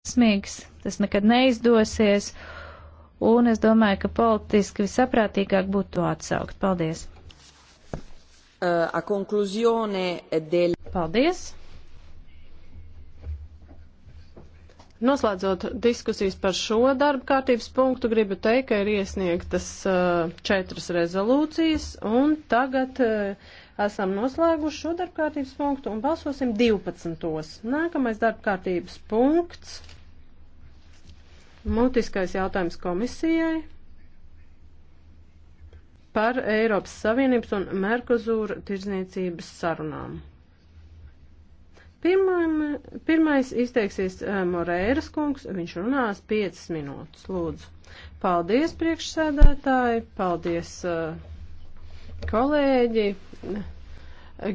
veiksmīgs, tas nekad neizdosies, un es domāju, ka politiski visaprātīgāk būtu to atsaukt. Paldies! Eh, a konkluzione del... Paldies! Noslēdzot diskusijas par šo darba kārtības punktu, gribu teikt, ka ir iesniegtas uh, četras rezolūcijas, un tagad uh, Esam noslēguši šo darbkārtības punktu un balsosim 12. Nākamais darbkārtības punkts. Mutiskais jautājums komisijai par Eiropas Savienības un Merkozūra tirdzniecības sarunām. Pirmajam, pirmais izteiksies eh, Morēras kungs, viņš runās 5 minūtes, lūdzu. Paldies, priekšsēdētāji, paldies. Uh, Kolēģi,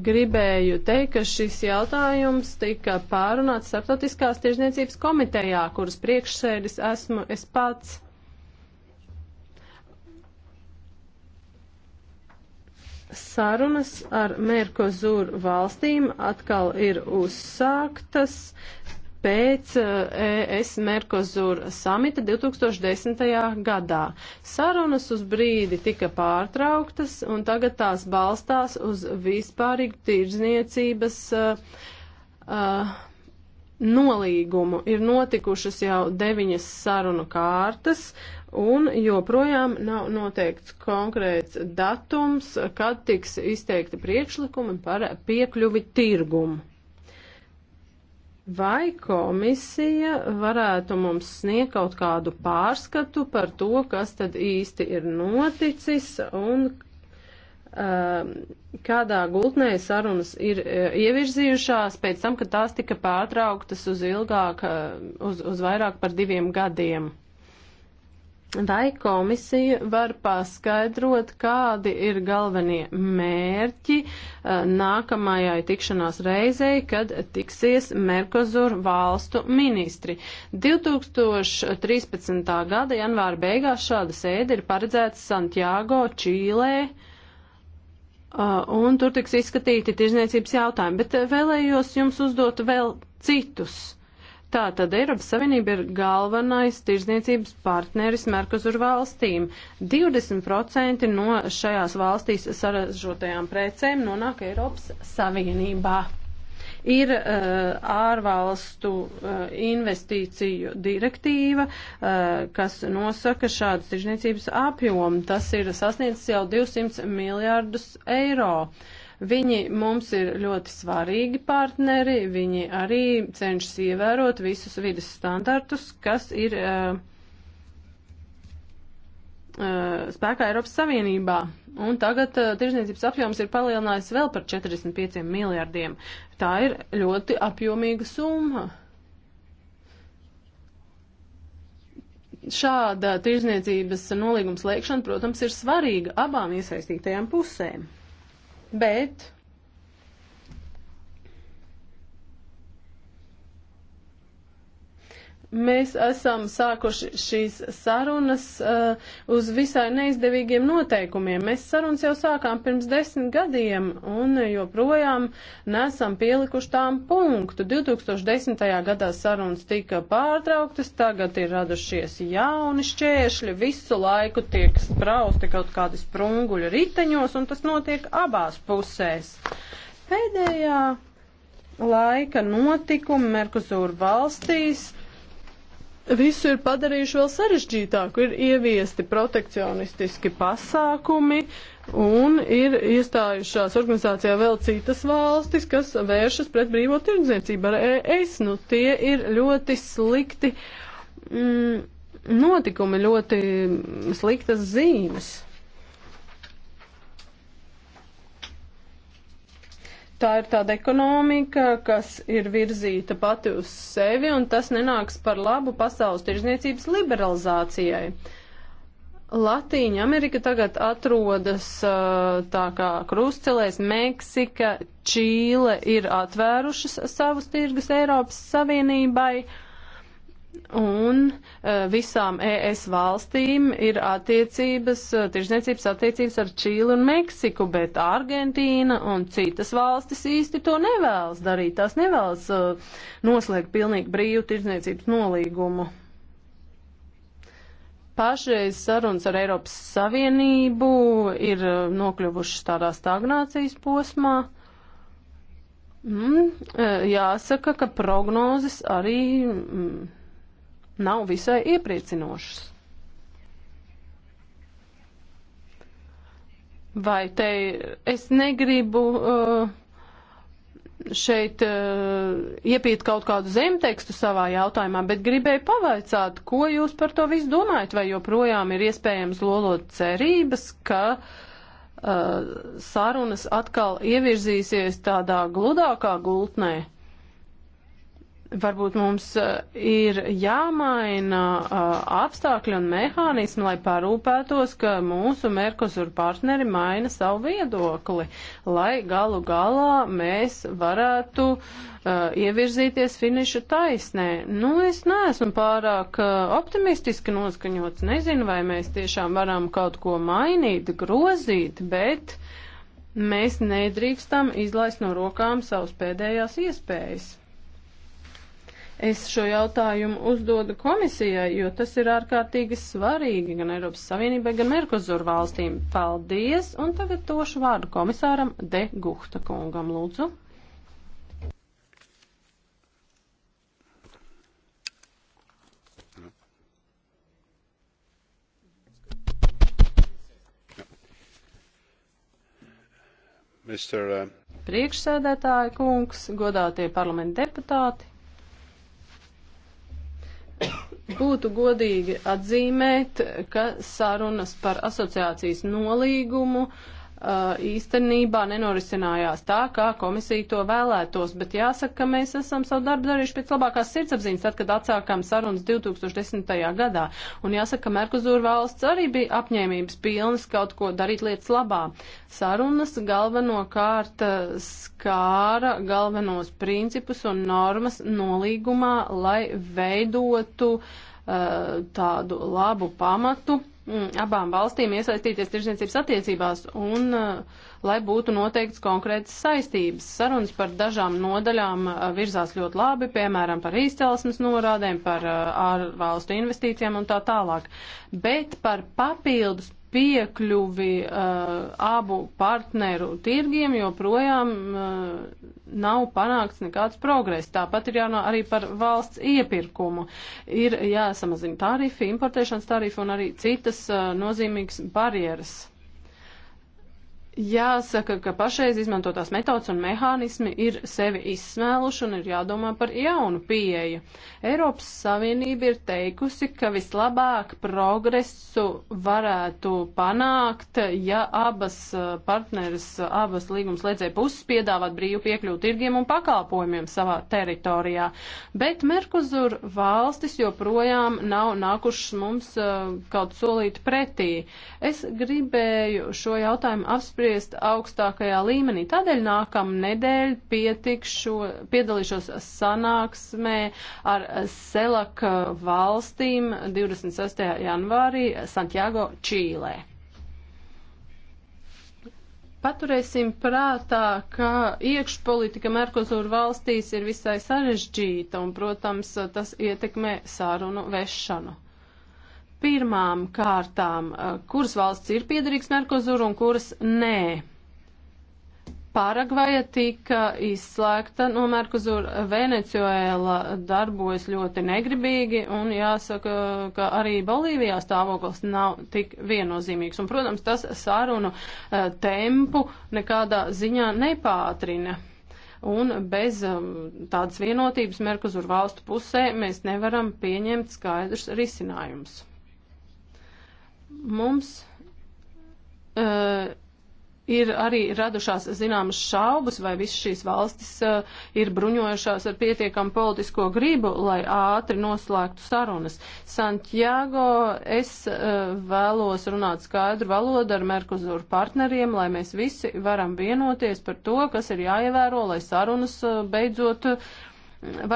gribēju teikt, ka šis jautājums tika pārunāts starptautiskās tirzniecības komitejā, kuras priekšsēdis esmu es pats. sarunas ar Merkozūru valstīm atkal ir uzsāktas pēc ES eh, e Merkozur samita 2010. gadā. Sarunas uz brīdi tika pārtrauktas un tagad tās balstās uz vispārīgu tirdzniecības uh, eh, uh, eh, nolīgumu. Ir notikušas jau deviņas sarunu kārtas un joprojām nav noteikts konkrēts datums, kad tiks izteikti priekšlikumi par piekļuvi tirgumu. Vai komisija varētu mums sniegt kaut kādu pārskatu par to, kas tad īsti ir noticis un um, kādā gultnē sarunas ir e, ievirzījušās pēc tam, kad tās tika pārtrauktas uz ilgāk, e, uz, uz vairāk par diviem gadiem? Vai komisija var paskaidrot, kādi ir galvenie mērķi eh, nākamajai tikšanās reizei, kad tiksies Merkozur valstu ministri? 2013. gada janvāra beigās šāda sēde ir paredzēta Santiago, Čīlē. Eh, un tur tiks izskatīti tirzniecības jautājumi, bet eh, vēlējos jums uzdot vēl citus Tā tad Eiropas Savienība ir galvenais tirzniecības partneris Merkuzur valstīm. 20% no šajās valstīs saražotajām precēm nonāk Eiropas Savienībā ir uh, ārvalstu uh, investīciju direktīva, uh, kas nosaka šādas tirzniecības apjomu. Tas ir sasniedzis jau 200 miljārdus eiro. Uh, Viņi mums ir ļoti svarīgi partneri, viņi arī cenšas ievērot visus vidas standartus, kas ir uh, uh, spēkā Eiropas Savienībā. Un tagad uh, tirzniecības apjoms ir palielinājis vēl par 45 miljardiem. Tā ir ļoti apjomīga summa. Šāda tirzniecības nolīgums lēkšana, protams, ir svarīga abām iesaistītajām pusēm bet Mēs esam sākuši šīs sarunas uh, uz visai neizdevīgiem noteikumiem. Mēs sarunas jau sākām pirms desmit gadiem un joprojām nesam pielikuši tām punktu. 2010. gadā sarunas tika pārtrauktas, tagad ir radušies jauni šķēršļi, visu laiku tiek sprausti kaut kādi sprunguļi riteņos un tas notiek abās pusēs. Pēdējā laika notikumi Merkuzūra valstīs visu ir padarījuši vēl sarežģītāku. Ir ieviesti protekcionistiski pasākumi un ir iestājušās organizācijā vēl citas valstis, kas vēršas pret brīvo tirdzniecību ar ES. Nu, tie ir ļoti slikti mm, notikumi, ļoti sliktas zīmes. Tā ir tāda ekonomika, kas ir virzīta pati uz sevi, un tas nenāks par labu pasaules tirzniecības liberalizācijai. Latīņa Amerika tagad atrodas uh, tā kā krustcelēs, Meksika, Čīle ir atvērušas savus tirgus Eiropas Savienībai. Uh, un eh, visām ES valstīm ir attiecības, eh, tirzniecības attiecības ar Čīli un Meksiku, bet Argentīna un citas valstis īsti to nevēlas darīt. Tās nevēlas eh, noslēgt pilnīgi brīvu tirzniecības nolīgumu. Pašreiz sarunas ar Eiropas Savienību ir nokļuvušas tādā stagnācijas posmā. Mm, jāsaka, ka prognozes arī mm, nav visai iepriecinošas. Vai te es negribu uh, šeit uh, iepīt kaut kādu zemtekstu savā jautājumā, bet gribēju pavaicāt, ko jūs par to visu domājat, vai joprojām ir iespējams lolot cerības, ka uh, sarunas atkal ievirzīsies tādā gludākā gultnē varbūt mums eh, ir jāmaina eh, apstākļi un mehānismi, lai parūpētos, ka mūsu Merkosur partneri maina savu viedokli, lai galu galā mēs varētu eh, ievirzīties finiša taisnē. Nu, es neesmu pārāk optimistiski noskaņots, nezinu, vai mēs tiešām varam kaut ko mainīt, grozīt, bet mēs nedrīkstam izlaist no rokām savus pēdējās iespējas. Es šo jautājumu uzdodu komisijai, jo tas ir ārkārtīgi svarīgi gan Eiropas Savienībai, gan Merkozur valstīm. Paldies, un tagad tošu vārdu komisāram De Guhta kungam, lūdzu. Mister, uh... Priekšsēdētāji kungs, godātie parlamenta deputāti, Būtu godīgi atzīmēt, ka sarunas par asociācijas nolīgumu uh, Uh, īstenībā nenorisinājās tā, kā komisija to vēlētos, bet jāsaka, ka mēs esam savu darbu darījuši pēc labākās sirdsapziņas, tad, kad atsākām sarunas 2010. gadā. Un jāsaka, ka Merkuzūra valsts arī bija apņēmības pilnas kaut ko darīt lietas labā. Sarunas galvenokārt uh, skāra galvenos principus un normas nolīgumā, lai veidotu uh, tādu labu pamatu Mm, abām valstīm iesaistīties tirzniecības attiecībās un uh, lai būtu noteikts konkrētas saistības. Sarunas par dažām nodaļām uh, virzās ļoti labi, piemēram, par izcelsmes norādēm, par uh, ārvalstu investīcijām un tā tālāk. Bet par papildus piekļuvi uh, abu partneru tirgiem joprojām uh, nav panākts nekāds progress. Tāpat ir jānāk arī par valsts iepirkumu. Ir jāsamazina tarifi, importēšanas tarifi un arī citas uh, nozīmīgas barjeras. Jāsaka, ka pašreiz izmantotās metodas un mehānismi ir sevi izsmēluši un ir jādomā par jaunu pieeju. Eiropas Savienība ir teikusi, ka vislabāk progresu varētu panākt, ja abas eh, partneres, abas līgums liedzēja puses piedāvāt brīvu piekļuvu tirgiem un pakalpojumiem savā teritorijā. Bet Merkuzur valstis joprojām nav nākušas mums eh, kaut solīt pretī. Es gribēju šo jautājumu apspriest apspriest augstākajā līmenī. Tādēļ nākamā nedēļa pietikšu, piedalīšos sanāksmē ar SELAK valstīm 26. janvārī Santiago, Čīlē paturēsim prātā, ka iekšpolitika Merkozūra valstīs ir visai sarežģīta un, protams, tas ietekmē sārunu vešanu pirmām kārtām, eh, kuras valsts ir piederīgas Merkozuru un kuras nē. Paragvaja tika izslēgta no Merkozura, Venecuēla darbojas ļoti negribīgi un jāsaka, ka arī Bolīvijā stāvoklis nav tik viennozīmīgs. Un, protams, tas sarunu eh, tempu nekādā ziņā nepātrina un bez um, tādas vienotības Merkuzur valstu pusē mēs nevaram pieņemt skaidrs risinājums. Mums uh, ir arī radušās zināmas šaubas, vai visas šīs valstis uh, ir bruņojušās ar pietiekamu politisko gribu, lai ātri noslēgtu sarunas. Santiago, es uh, vēlos runāt skaidru valodu ar Merkuzuru partneriem, lai mēs visi varam vienoties par to, kas ir jāievēro, lai sarunas uh, beidzot uh,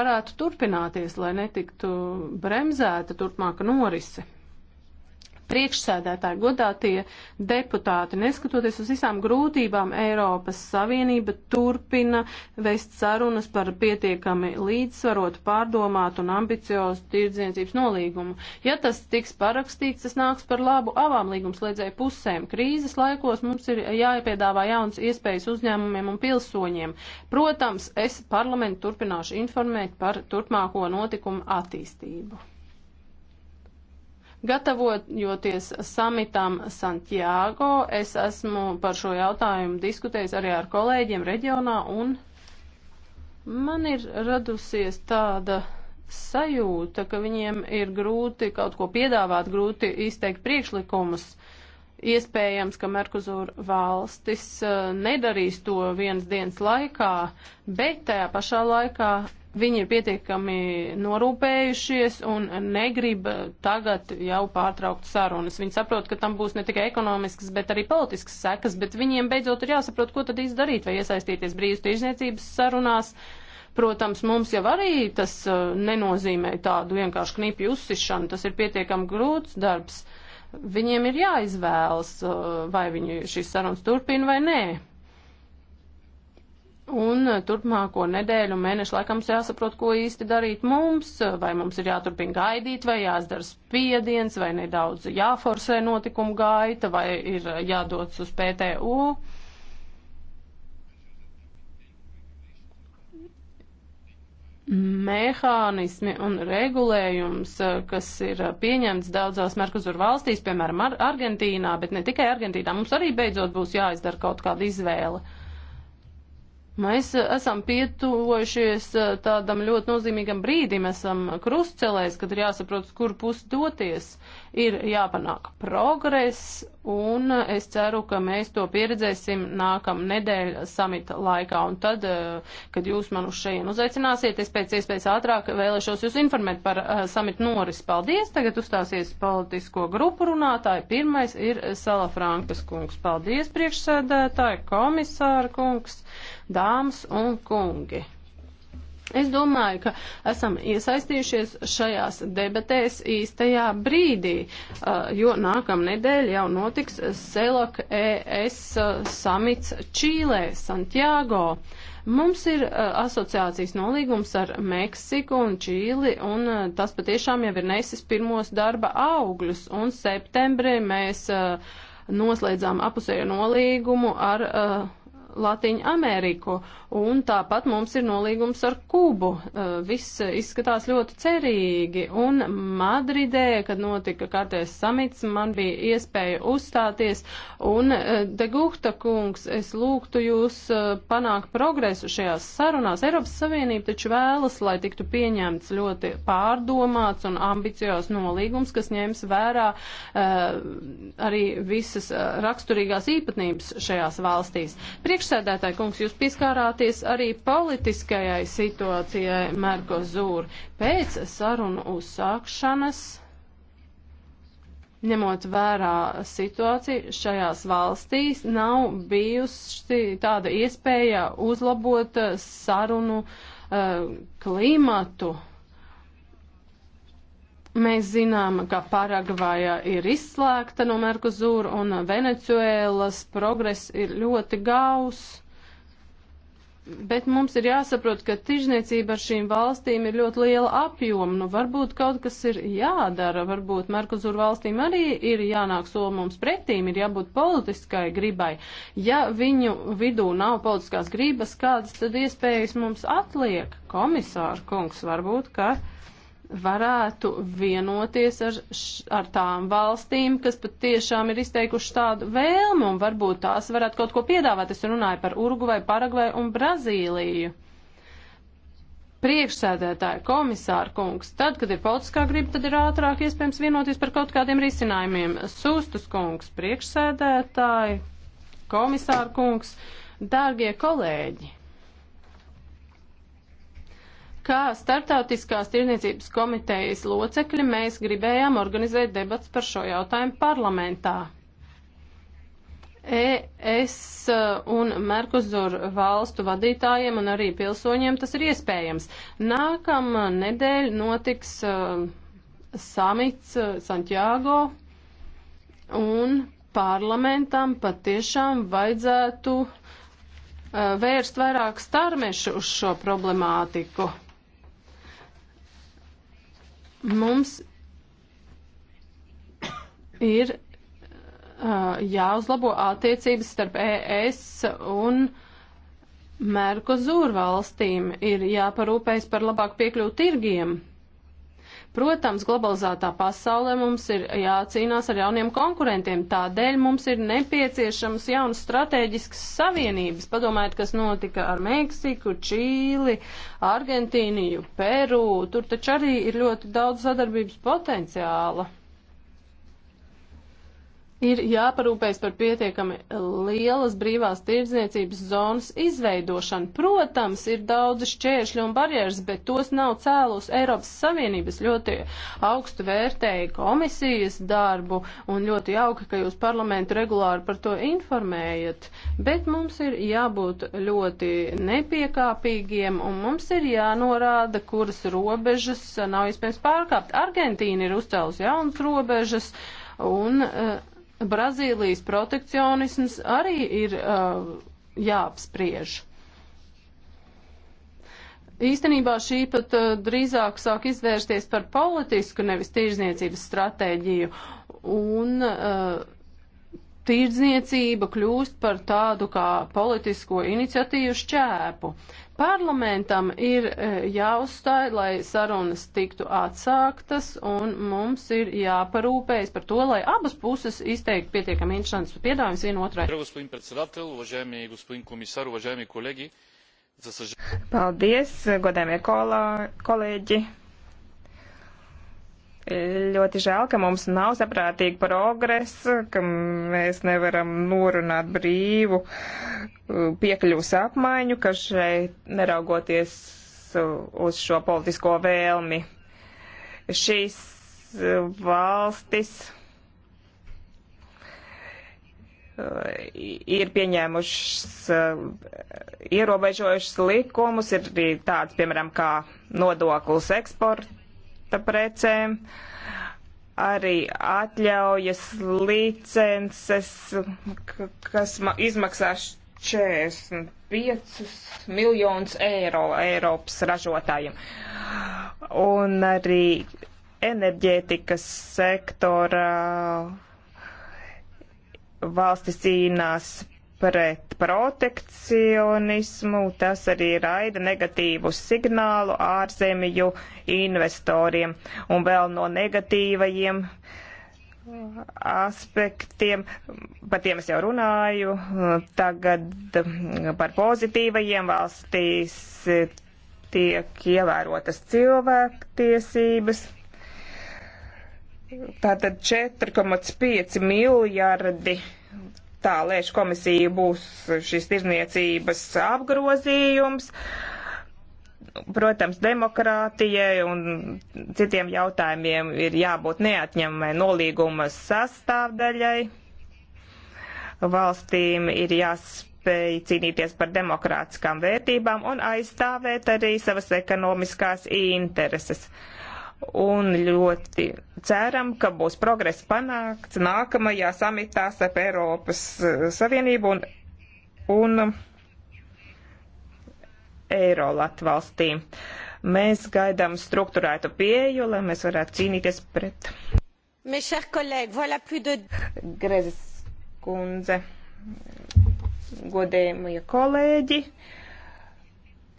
varētu turpināties, lai netiktu bremzēta turpmāka norise priekšsēdētāji, godātie deputāti, neskatoties uz visām grūtībām, Eiropas Savienība turpina veist sarunas par pietiekami līdzsvarotu, pārdomātu un ambiciozu tirdzniecības nolīgumu. Ja tas tiks parakstīts, tas nāks par labu abām līgumslēdzēju pusēm. Krīzes laikos mums ir jāpiedāvā jauns iespējas uzņēmumiem un pilsoņiem. Protams, es parlamentu turpināšu informēt par turpmāko notikumu attīstību. Gatavojoties samitam Santiago, es esmu par šo jautājumu diskutējis arī ar kolēģiem reģionā un man ir radusies tāda sajūta, ka viņiem ir grūti kaut ko piedāvāt, grūti izteikt priekšlikumus. Iespējams, ka Merkuzūra valstis eh, nedarīs to vienas dienas laikā, bet tajā pašā laikā Viņi ir pietiekami norūpējušies un negrib tagad jau pārtraukt sarunas. Viņi saprot, ka tam būs ne tikai ekonomisks, bet arī politisks sekas, bet viņiem beidzot ir jāsaprot, ko tad īsti darīt, vai iesaistīties brīvas tiešniecības sarunās. Protams, mums jau arī tas uh, nenozīmē tādu vienkāršu knipju uzsišanu, tas ir pietiekami grūts darbs. Viņiem ir jāizvēlas, uh, vai viņi šīs sarunas turpina vai nē. Un eh, turpmāko nedēļu un mēnešu laikā mums jāsaprot, ko īsti darīt mums, eh, vai mums ir jāturpina gaidīt, vai jāizdara spiediens, vai nedaudz jāforsē notikumu gaita, vai ir jādodas uz PTU. Mehānismi un regulējums, eh, kas ir pieņemts daudzās Merkuzur valstīs, piemēram, Ar Argentīnā, bet ne tikai Argentīnā, mums arī beidzot būs jāizdara kaut kāda izvēle. Uh, Mēs eh, esam pietuvojušies eh, tādam ļoti nozīmīgam brīdim, esam krustcelēs, kad ir jāsaprot, kur pusi doties, ir jāpanāk progress Un es ceru, ka mēs to pieredzēsim nākamā nedēļa samita laikā. Un tad, eh, kad jūs man uz šeit uzaicināsiet, es pēc iespējas ātrāk vēlēšos jūs informēt par eh, samita norisi. Paldies! Tagad uzstāsies politisko grupu runātāji. Pirmais ir Sala Frankas kungs. Paldies, priekšsēdētāji, komisāra kungs, dāmas un kungi! Es domāju, ka esam iesaistījušies šajās debatēs īstajā brīdī, jo nākamā nedēļa jau notiks CELOC ES samits Čīlē, Santiago. Mums ir asociācijas nolīgums ar Meksiku un Čīli, un tas patiešām jau ir nesis pirmos darba augļus, un septembrī mēs noslēdzām apusējo nolīgumu ar. Uh, Latīņu Ameriku, un tāpat mums ir nolīgums ar Kubu. Eh, viss izskatās ļoti cerīgi, un Madridē, kad notika kārtais samits, man bija iespēja uzstāties, un eh, de Guhta kungs, es lūgtu jūs eh, panākt progresu šajās sarunās. Eiropas Savienība taču vēlas, lai tiktu pieņemts ļoti pārdomāts un ambiciozs nolīgums, kas ņems vērā arī visas raksturīgās īpatnības šajās valstīs. Priekš Priekšsēdētāji kungs, jūs pieskārāties arī politiskajai situācijai Merkozūra. Pēc sarunu uzsākšanas, ņemot vērā situāciju šajās valstīs, nav bijusi tāda iespēja uzlabot sarunu uh, klimatu. Mēs zinām, ka Paragvaja ir izslēgta no Merkuzūra un Venecuēlas progress ir ļoti gaus. Bet mums ir jāsaprot, ka tirzniecība ar šīm valstīm ir ļoti liela apjoma. Nu, varbūt kaut kas ir jādara, varbūt Merkuzūra valstīm arī ir jānāk soli mums pretīm, ir jābūt politiskai gribai. Ja viņu vidū nav politiskās gribas, kādas tad iespējas mums atliek? Komisāra kungs, varbūt, ka. Kā varētu vienoties ar, ar tām valstīm, kas patiešām ir izteikuši tādu vēlmu un varbūt tās varētu kaut ko piedāvāt. Es runāju par Urugvai, Paragvai un Brazīliju. Priekšsēdētāji, komisāra kungs, tad, kad ir politiskā griba, tad ir ātrāk iespējams vienoties par kaut kādiem risinājumiem. Sūstus kungs, priekšsēdētāji, komisāra kungs, dārgie kolēģi! Kā startautiskās tirniecības komitejas locekļi mēs gribējām organizēt debats par šo jautājumu parlamentā. ES un Merkuzur valstu vadītājiem un arī pilsoņiem tas ir iespējams. Nākamā nedēļa notiks uh, samits uh, Santiago un parlamentam patiešām vajadzētu uh, vērst vairāk starmešu uz šo problemātiku. Mums ir uh, jāuzlabo attiecības starp ES un Merkozūru valstīm, ir jāparūpējas par labāku piekļuvu tirgiem. Protams, globalizētā pasaulē mums ir jācīnās ar jauniem konkurentiem, tādēļ mums ir nepieciešams jaunas strateģiskas savienības. Padomājiet, kas notika ar Meksiku, Čīli, Argentīniju, Peru. Tur taču arī ir ļoti daudz sadarbības potenciāla ir jāparūpēs par pietiekami lielas brīvās tirdzniecības zonas izveidošanu. Protams, ir daudz šķēršļu un barjeras, bet tos nav cēlus Eiropas Savienības ļoti augstu vērtēja komisijas darbu un ļoti jauki, ka jūs parlamentu regulāri par to informējat. Bet mums ir jābūt ļoti nepiekāpīgiem un mums ir jānorāda, kuras robežas nav iespējams pārkāpt. Argentīna ir uzcēlus jaunas robežas un uh, Brazīlijas protekcionisms arī ir uh, jāapspriež. Īstenībā šī pat uh, drīzāk sāk izvērsties par politisku, nevis tīrzniecības stratēģiju. Un, uh, tirdzniecība kļūst par tādu kā politisko iniciatīvu šķēpu. Parlamentam ir e, jāuzstāj, lai sarunas tiktu atsāktas, un mums ir jāparūpējas par to, lai abas puses izteiktu pietiekami interesants piedāvājums vienotrai. Paldies, godējumie kolēģi! Ļoti žēl, ka mums nav saprātīga progresa, ka mēs nevaram norunāt brīvu uh, piekļuvas apmaiņu, ka šeit neraugoties uh, uz šo politisko vēlmi. Šīs uh, valstis ir pieņēmušas ierobežojušas likumus, ir tādas, piemēram, kā nodoklis eksporta precēm, arī atļaujas, licences, kas izmaksās 45 miljonus eiro Eiropas ražotājiem. Un arī enerģētikas sektora valstis cīnās pret protekcionismu, tas arī raida negatīvu signālu ārzemju investoriem un vēl no negatīvajiem aspektiem, par tiem es jau runāju, tagad par pozitīvajiem valstīs tiek ievērotas cilvēktiesības. Tātad 4,5 miljardi tā lēš komisija būs šis tirzniecības apgrozījums. Protams, demokrātijai un citiem jautājumiem ir jābūt neatņemamai nolīguma sastāvdaļai. Valstīm ir jāspēj cīnīties par demokrātiskām vērtībām un aizstāvēt arī savas ekonomiskās intereses. Uh, un ļoti ceram, ka būs progress panākts nākamajā samitā starp Eiropas eh, Savienību un, un Eirolat valstīm. Mēs gaidām struktūrētu pieju, lai mēs varētu cīnīties pret. Voilà de... Grezes kundze, godējumie kolēģi.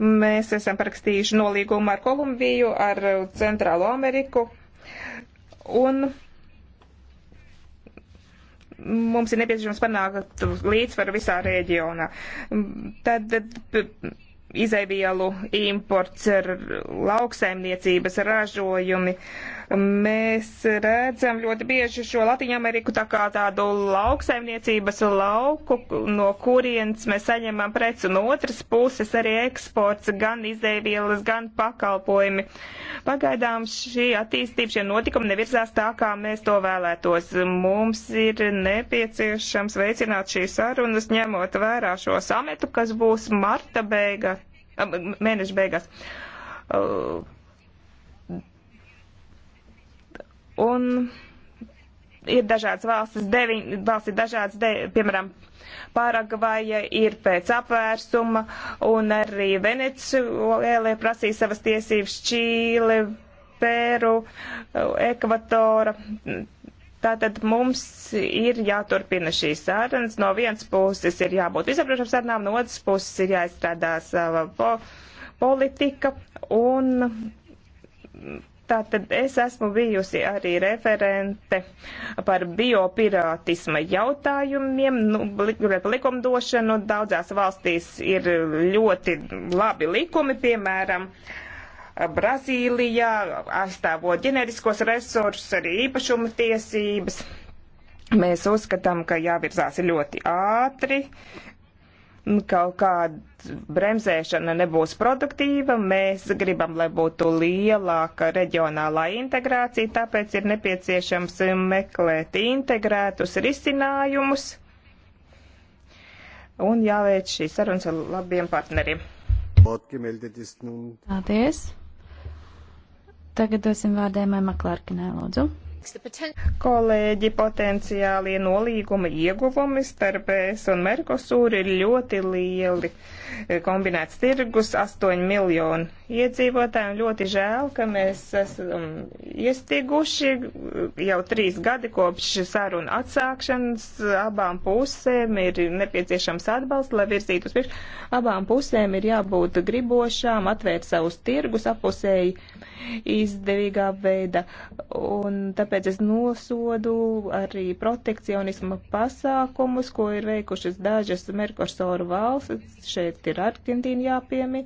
Mēs esam parakstījuši nolīgumu ar Kolumbiju, ar Centrālo Ameriku. Un mums ir nepieciešams panākt līdzsvaru visā reģionā. Tad izaivielu imports, lauksaimniecības ražojumi. Uh, Mēs redzam ļoti bieži šo Latviju Ameriku tā kā tādu lauksaimniecības lauku, no kurienes mēs saņemam preci, un otras puses arī eksports, gan izdevielas, gan pakalpojumi. Pagaidām šī attīstība, šie notikumi nevirzās tā, kā mēs to vēlētos. Mums ir nepieciešams veicināt šīs sarunas, ņemot vērā šo sametu, kas būs marta beiga, mēneša beigās. Uh, Un ir dažādas valstis, deviņ, valsts ir dažādas, de, piemēram, Paragvaja ir pēc apvērsuma, un arī Venecuēlē prasīja savas tiesības Čīle, Peru, Ekvatora. Tātad mums ir jāturpina šīs sarunas. No vienas puses ir jābūt visaptvarošām sarunām, no otras puses ir jāizstrādā sava po politika, un Tātad es esmu bijusi arī referente par biopirātisma jautājumiem. Nu, likumdošanu daudzās valstīs ir ļoti labi likumi, piemēram, Brazīlijā aizstāvot ģeneriskos resursus, arī īpašuma tiesības. Mēs uzskatām, ka jāvirzās ļoti ātri, kaut kāda bremzēšana nebūs produktīva. Mēs gribam, lai būtu lielāka reģionālā integrācija, tāpēc ir nepieciešams meklēt integrētus risinājumus un jāveic šīs sarunas ar labiem partneriem. Paldies! Tagad dosim vārdēmai Maklārkinai, lūdzu. Kolēģi, potenciālie nolīguma ieguvumi starp ES un Merkosūru ir ļoti lieli. Kombinēts tirgus 8 miljonu iedzīvotājiem. Ļoti žēl, ka mēs esam iestiguši jau trīs gadi kopš saruna atsākšanas. Abām pusēm ir nepieciešams atbalsts, lai virzītu uz priekšu. Abām pusēm ir jābūt gribošām, atvērt savus tirgus apusēji izdevīgā veidā. Un tāpēc es nosodu arī protekcionisma pasākumus, ko ir veikušas dažas Merkosoru valstis. Šeit ir Argentīna jāpiemin.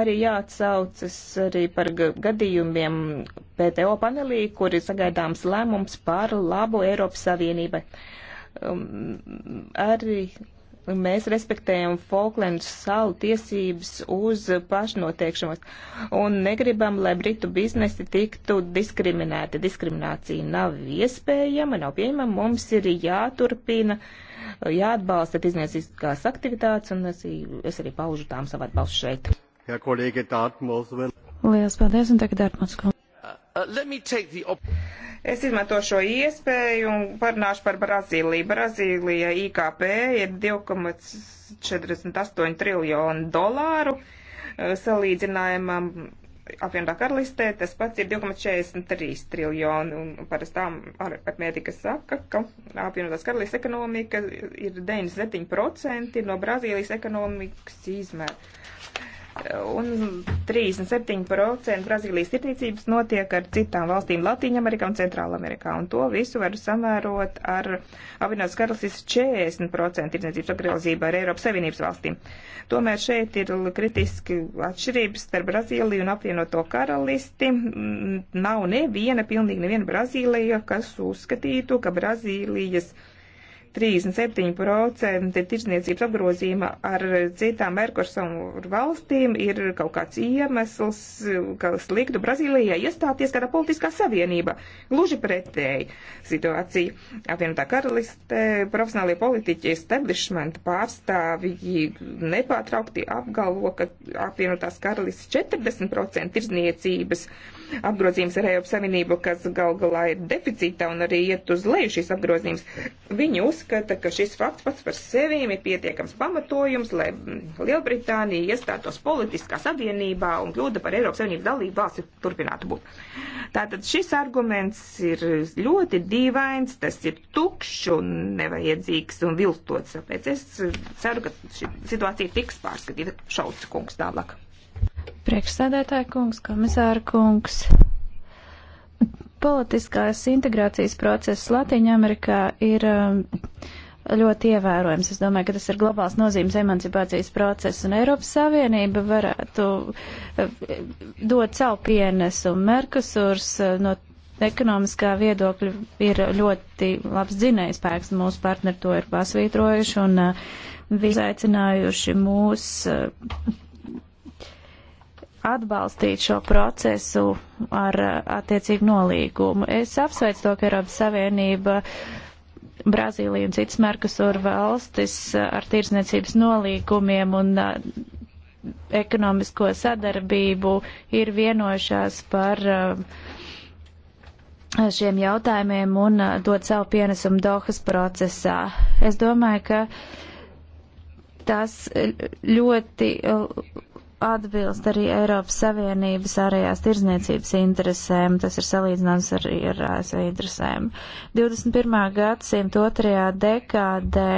Arī jāatsaucas arī par gadījumiem PTO panelī, kur ir sagaidāms lēmums par labu Eiropas Savienībai. Um, arī mēs respektējam Falklendu salu tiesības uz pašnoteikšanos un negribam, lai britu biznesi tiktu diskriminēti. Diskriminācija nav iespējama, nav pieņemama, mums ir jāturpina, jāatbalsta tiesniecības aktivitātes, un es, es arī paužu tām savu atbalstu šeit. Ja, kolēģi, Liels paldies, un tagad Dārtmats. Uh, uh, Es izmantošu šo iespēju un parunāšu par Brazīliju. Brazīlija IKP ir 2,48 triljonu dolāru. Eh, salīdzinājumam apvienotā karalistē tas pats ir 2,43 triljoni. Un parasti tā aritmētika saka, ka apvienotās karalistes ekonomika ir 97% no Brazīlijas ekonomikas izmēra un 37% Brazīlijas tirdzniecības notiek ar citām valstīm Latīņamerikā un Centrālamerikā, un to visu var samērot ar apvienotās karalistes 40% tirdzniecības apgrozību ar Eiropas Savienības valstīm. Tomēr šeit ir kritiski atšķirības starp Brazīliju un apvienoto karalisti. Nav neviena, pilnīgi neviena Brazīlija, kas uzskatītu, ka Brazīlijas 37% tirdzniecības apgrozījuma ar citām Merkursam valstīm ir kaut kāds iemesls, kas liktu Brazīlijai iestāties kādā politiskā savienība. Gluži pretēji situācija. Apvienotā karaliste, profesionālie politiķi, establishment pārstāvji nepārtraukti apgalvo, ka apvienotās karalistes 40% tirdzniecības apgrozījuma apgrozījums ar Eiropas Savienību, kas gal galā ir deficītā un arī iet uz leju šis apgrozījums. Viņi uzskata, ka šis fakts pats par sevi ir pietiekams pamatojums, lai Lielbritānija iestātos politiskā savienībā un kļūda par Eiropas Savienības dalību valsti turpinātu būt. Tātad šis arguments ir ļoti dīvains, tas ir tukšs un nevajadzīgs un viltots, tāpēc es ceru, ka šī situācija tiks pārskatīta šauts kungs tālāk. Priekšsēdētāja kungs, komisāra kungs. Politiskās integrācijas process Latvijā-Amerikā ir um, ļoti ievērojams. Es domāju, ka tas ir globāls nozīmes emancipācijas process, un Eiropas Savienība varētu uh, dot savu pienesumu. Merkusurs uh, no ekonomiskā viedokļa ir ļoti labs dzinējspēks, mūsu partneri to ir pasvītrojuši un uh, izaicinājuši mūs atbalstīt šo procesu ar uh, attiecīgu nolīgumu. Es apsveicu to, ka Eiropas Savienība Brazīlija un citas Merkusur valstis uh, ar tirsniecības nolīgumiem un uh, ekonomisko sadarbību ir vienojušās par šiem jautājumiem un dod savu pienesumu Dohas procesā. Es domāju, ka tas ļoti atbilst arī Eiropas Savienības ārējās tirzniecības interesēm, tas ir salīdzināms arī ar ASV interesēm. 21. gadsimta otrajā dekādē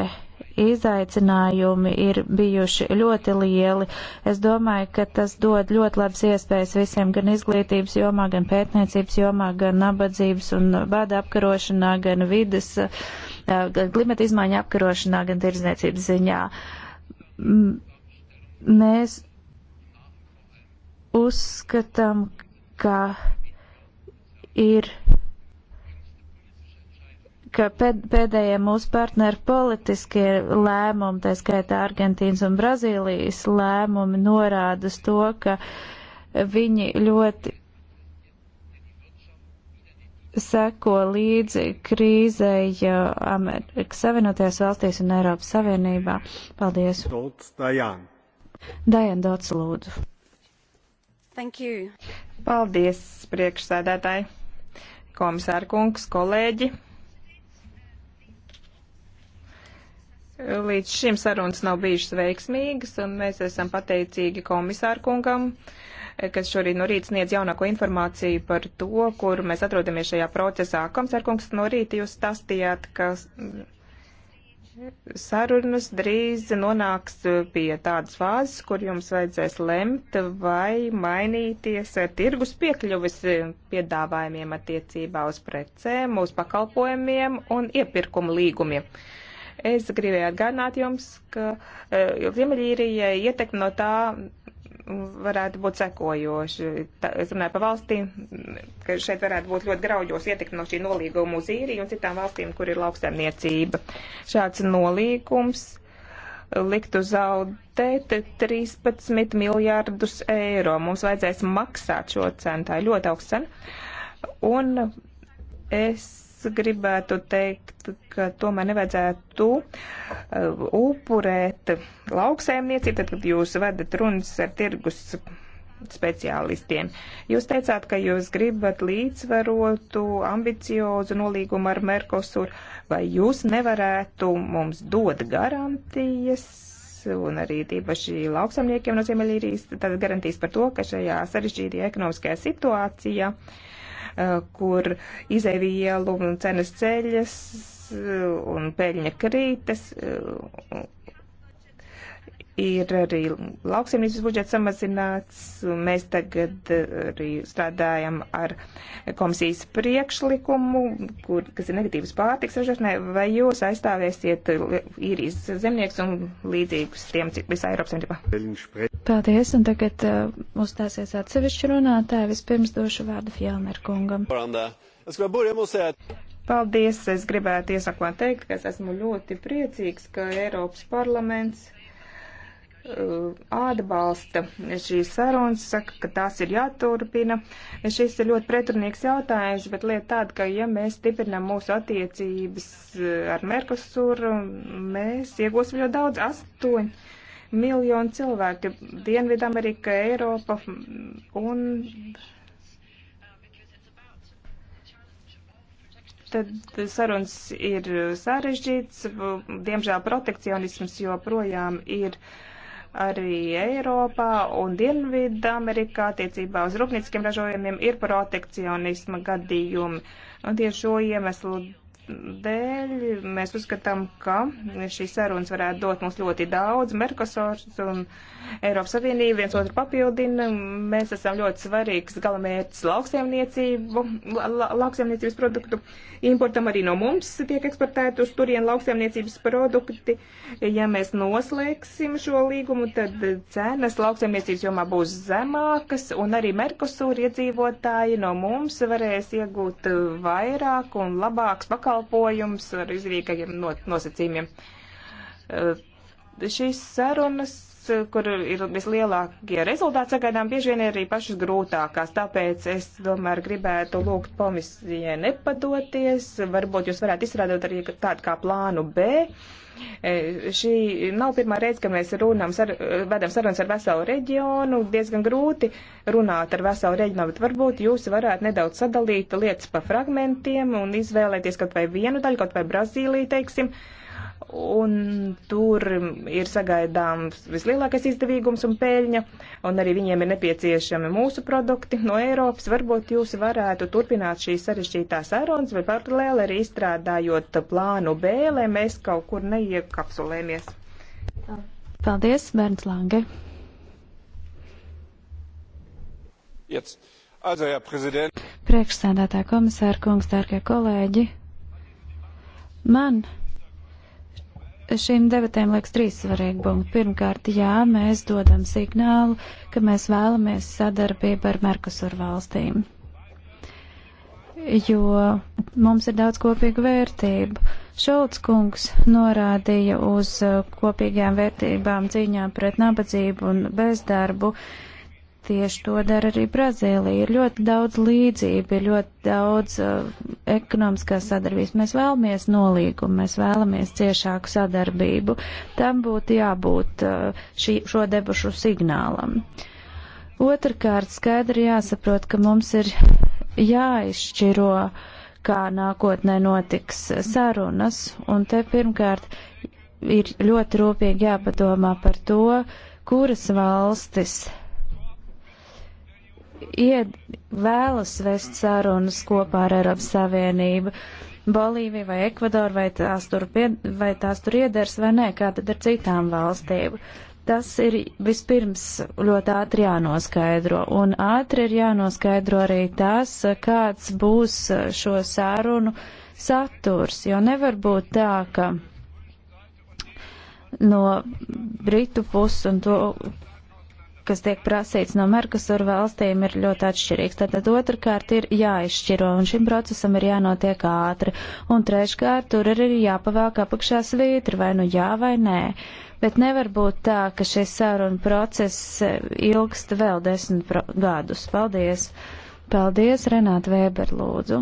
izaicinājumi ir bijuši ļoti lieli. Es domāju, ka tas dod ļoti labas iespējas visiem gan izglītības jomā, gan pētniecības jomā, gan nabadzības un bada apkarošanā, gan vides, gan klimata izmaiņa apkarošanā, gan tirdzniecības ziņā. Mēs uzskatām, ka ir ka pēdējie mūsu partneri politiskie lēmumi, tā skaitā Argentīnas un Brazīlijas lēmumi, norāda to, ka viņi ļoti seko līdzi krīzei Amerikas Savienotajās valstīs un Eiropas Savienībā. Paldies! Dajan Dots, lūdzu! Thank you. Paldies, priekšsēdētāji, komisārkungs, kolēģi. Līdz šim sarunas nav bijušas veiksmīgas, un mēs esam pateicīgi komisārkungam, kas šorīt no rīta sniedz jaunāko informāciju par to, kur mēs atrodamies šajā procesā. Komisārkungs, no rīta jūs stāstījāt, ka sarunas drīz nonāks e, pie tādas fāzes, kur jums vajadzēs lemt vai mainīties ar tirgus piekļuvis e, piedāvājumiem attiecībā uz precēm, uz pakalpojumiem un iepirkumu līgumiem. Es gribēju atgādināt jums, ka e, Ziemeļīrija ietekme no tā varētu būt sekojoši. Tā, es runāju par valstīm, ka šeit varētu būt ļoti graudjos ietekmi no šī nolīguma uz īriju un citām valstīm, kur ir lauksaimniecība. Šāds nolīgums liktu zaudēt 13 miljārdus eiro. Mums vajadzēs maksāt šo cenu, tā ir ļoti augsts cena. Un es gribētu teikt, ka tomēr nevajadzētu uh, upurēt lauksēmniecību, tad, kad jūs vedat runas ar tirgus speciālistiem. Jūs teicāt, ka jūs gribat līdzsvarotu, ambiciozu nolīgumu ar Merkosur, vai jūs nevarētu mums dot garantijas un arī tīpaši lauksamniekiem no Ziemeļīrijas, tad garantīs par to, ka šajā sarežģītajā ekonomiskajā situācijā uh, Eh, kur izēvielu cenas ceļas eh, un peļņa krītas. Eh, ir arī lauksimnības budžets samazināts. Mēs tagad arī strādājam ar komisijas priekšlikumu, kur, kas ir negatīvas pārtiks ražošanai. Vai jūs aizstāvēsiet īrijas zemnieks un līdzīgus tiem visā Eiropas Savienībā? Paldies, un tagad uh, uzstāsies atsevišķi runātāji. Vispirms došu vārdu Fjellner kungam. Paldies, es gribētu iesakot teikt, ka es esmu ļoti priecīgs, ka Eiropas parlaments atbalsta šīs sarunas, saka, ka tās ir jāturpina. Šis ir ļoti pretrunīgs jautājums, bet lieta tāda, ka ja mēs stiprinām mūsu attiecības eh, ar Merkosuru, mēs iegūsim ļoti daudz, astoņu miljonu cilvēku, Dienvidamerika, Eiropa un. Tad sarunas ir sarežģīts, diemžēl protekcionisms joprojām ir uh, arī Eiropā un Dienvidā Amerikā attiecībā uz rūpnieciskiem ražojumiem ir protekcionisma gadījumi. Un tieši šo iemeslu dēļ mēs uzskatām, ka šīs sarunas varētu dot mums ļoti daudz. Merkosors un Eiropas Savienība viens otru papildina. Mēs esam ļoti svarīgs galamērķis lauksaimniecību, la, lauksaimniecības produktu importam arī no mums tiek eksportēt uz turien lauksaimniecības produkti. Ja mēs noslēgsim šo līgumu, tad cenas lauksaimniecības jomā būs zemākas un arī Merkosur iedzīvotāji no mums varēs iegūt vairāk un labāks pakalpojums pakalpojums ar izrīgajiem nosacījumiem šīs sarunas, kur ir vislielākie rezultāti sagaidām, bieži vien ir arī pašas grūtākās. Tāpēc es tomēr gribētu lūgt komisijai nepadoties. Varbūt jūs varētu izstrādāt arī tādu kā plānu B. E, šī nav pirmā reize, ka mēs runām, sar, vedam sarunas ar veselu reģionu. Diezgan grūti runāt ar veselu reģionu, bet varbūt jūs varētu nedaudz sadalīt lietas pa fragmentiem un izvēlēties kaut vai vienu daļu, kaut vai Brazīliju, teiksim. Uh, un tur ir sagaidāms vislielākais izdevīgums un pēļņa, un arī viņiem ir nepieciešami mūsu produkti no Eiropas. Varbūt jūs varētu turpināt šīs sarežģītās sarunas, vai paralēli arī izstrādājot plānu B, lai mēs kaut kur neiekapsulēmies. Paldies, Bērns Lange. Priekšsēdētāja komisāra kungs, dārgie kolēģi, man šīm debatēm liekas trīs svarīgi punkti. Pirmkārt, jā, mēs dodam signālu, ka mēs vēlamies sadarbību ar Merkusur valstīm, jo mums ir daudz kopīgu vērtību. Šolts kungs norādīja uz kopīgām vērtībām cīņā pret nabadzību un bezdarbu. Uh, Tieši to dara arī Brazīlija. Ir ļoti daudz līdzība, ir ļoti daudz uh, ekonomiskās sadarbības. Mēs vēlamies nolīgumu, mēs vēlamies ciešāku sadarbību. Tam būtu jābūt uh, šī, šo debušu signālam. Otrakārt, skaidri jāsaprot, ka mums ir jāizšķiro, kā nākotnē notiks sarunas, un te pirmkārt ir ļoti rūpīgi jāpadomā par to, kuras valstis ied, vēlas vest sarunas kopā ar Eiropas Savienību. Bolīvija vai Ekvadora, vai tās tur, pied, vai tās tur iedars vai nē, kā tad ar citām valstīm. Tas ir vispirms ļoti ātri jānoskaidro, un ātri ir jānoskaidro arī tas, kāds būs šo sārunu saturs, jo nevar būt tā, ka no Britu puses un to kas tiek prasīts no Merkusur valstīm, ir ļoti atšķirīgs. Tātad otrkārt ir jāizšķiro, un šim procesam ir jānotiek ātri. Un treškārt tur ir jāpavēl apakšā svītri, vai nu jā vai nē. Bet nevar būt tā, ka šis saruna process ilgst vēl desmit gadus. Paldies! Paldies, Renāta Vēber, lūdzu!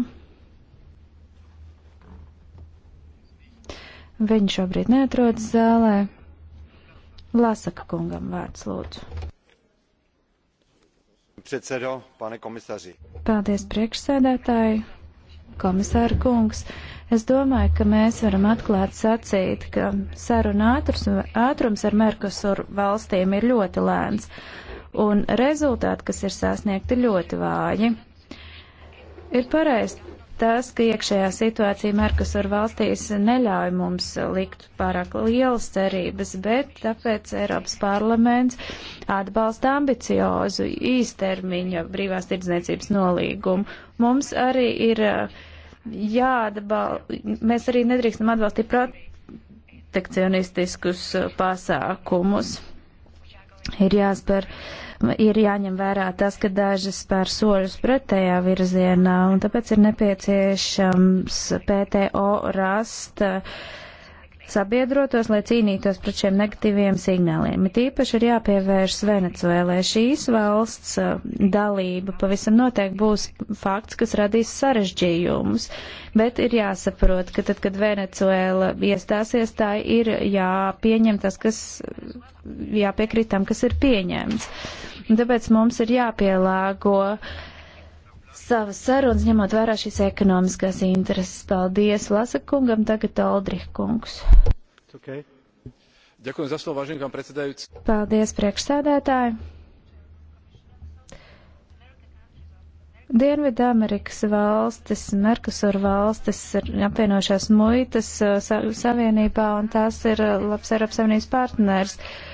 Viņš šobrīd neatrodas zālē. Lasaka kungam vārds lūdzu předsedo, pane komisaři. Paldies, priekšsēdētāji, komisāra kungs. Es domāju, ka mēs varam atklāt sacīt, ka saruna ātrums, ātrums ar Merkusur valstīm ir ļoti lēns, un rezultāti, kas ir sasniegti, ļoti vāji. Ir pareizi tas, ka iekšējā situācija Merkusur valstīs neļauj mums likt pārāk lielas cerības, bet tāpēc Eiropas parlaments atbalsta ambiciozu īstermiņa brīvās tirdzniecības nolīgumu. Mums arī ir uh, jāatbalsta, mēs arī nedrīkstam atbalstīt protekcionistiskus uh, pasākumus. Ir jāspēr. Uh, ir jāņem vērā tas, ka dažas spēr soļus pretējā virzienā, un tāpēc ir nepieciešams PTO rast uh, sabiedrotos, lai cīnītos pret šiem negatīviem signāliem. It īpaši ir jāpievēršas Venecuēlē. Šīs valsts uh, dalība pavisam noteikti būs fakts, kas radīs sarežģījumus, bet ir jāsaprot, ka tad, kad Venecuēla iestāsies, tā ir jāpieņem tas, kas jāpiekrīt tam, kas ir pieņemts. Uh, Un tāpēc mums ir jāpielāgo savas sarunas, ņemot vērā šīs ekonomiskās intereses. Paldies Lasakungam, tagad Aldrih kungs. Okay. Ďakujem za slovo, vážený pán predsedajúci. Paldies, priekšsēdētāji. Dienvidamerikas valstis, Merkusur valstis ir apvienojušās muitas uh, savienībā, un tās ir labs Eiropas Savienības partners. Uh,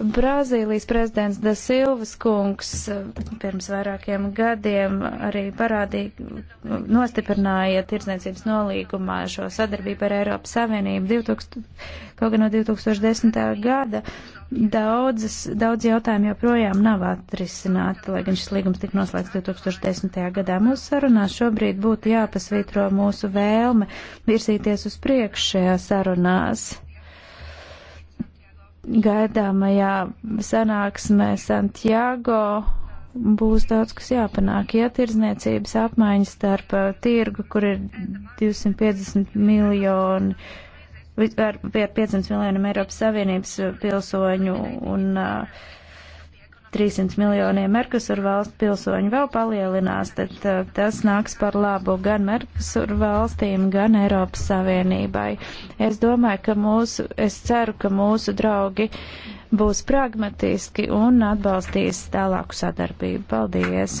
Brazīlijas prezidents Da Silvas kungs eh, pirms vairākiem gadiem arī parādīja, nostiprināja tirdzniecības nolīgumā šo sadarbību ar Eiropas Savienību 2000, kaut gan no 2010. gada. Daudzas, daudz jautājumu joprojām nav atrisināti, lai gan šis līgums tika noslēgts 2010. gadā. Mūsu sarunās šobrīd būtu jāpasvītro mūsu vēlme virzīties uz priekšu šajā sarunās gaidāmajā sanāksmē Santiago būs daudz, kas jāpanāk. Ja tirdzniecības apmaiņas starp uh, tirgu, kur ir 250 miljoni, ar 500 miljoniem Eiropas Savienības uh, pilsoņu un uh, 300 miljoniem Merkusur valstu pilsoņu vēl palielinās, tad uh, tas nāks par labu gan Merkusur valstīm, gan Eiropas Savienībai. Es domāju, ka mūsu, es ceru, ka mūsu draugi būs pragmatiski un atbalstīs tālāku sadarbību. Paldies!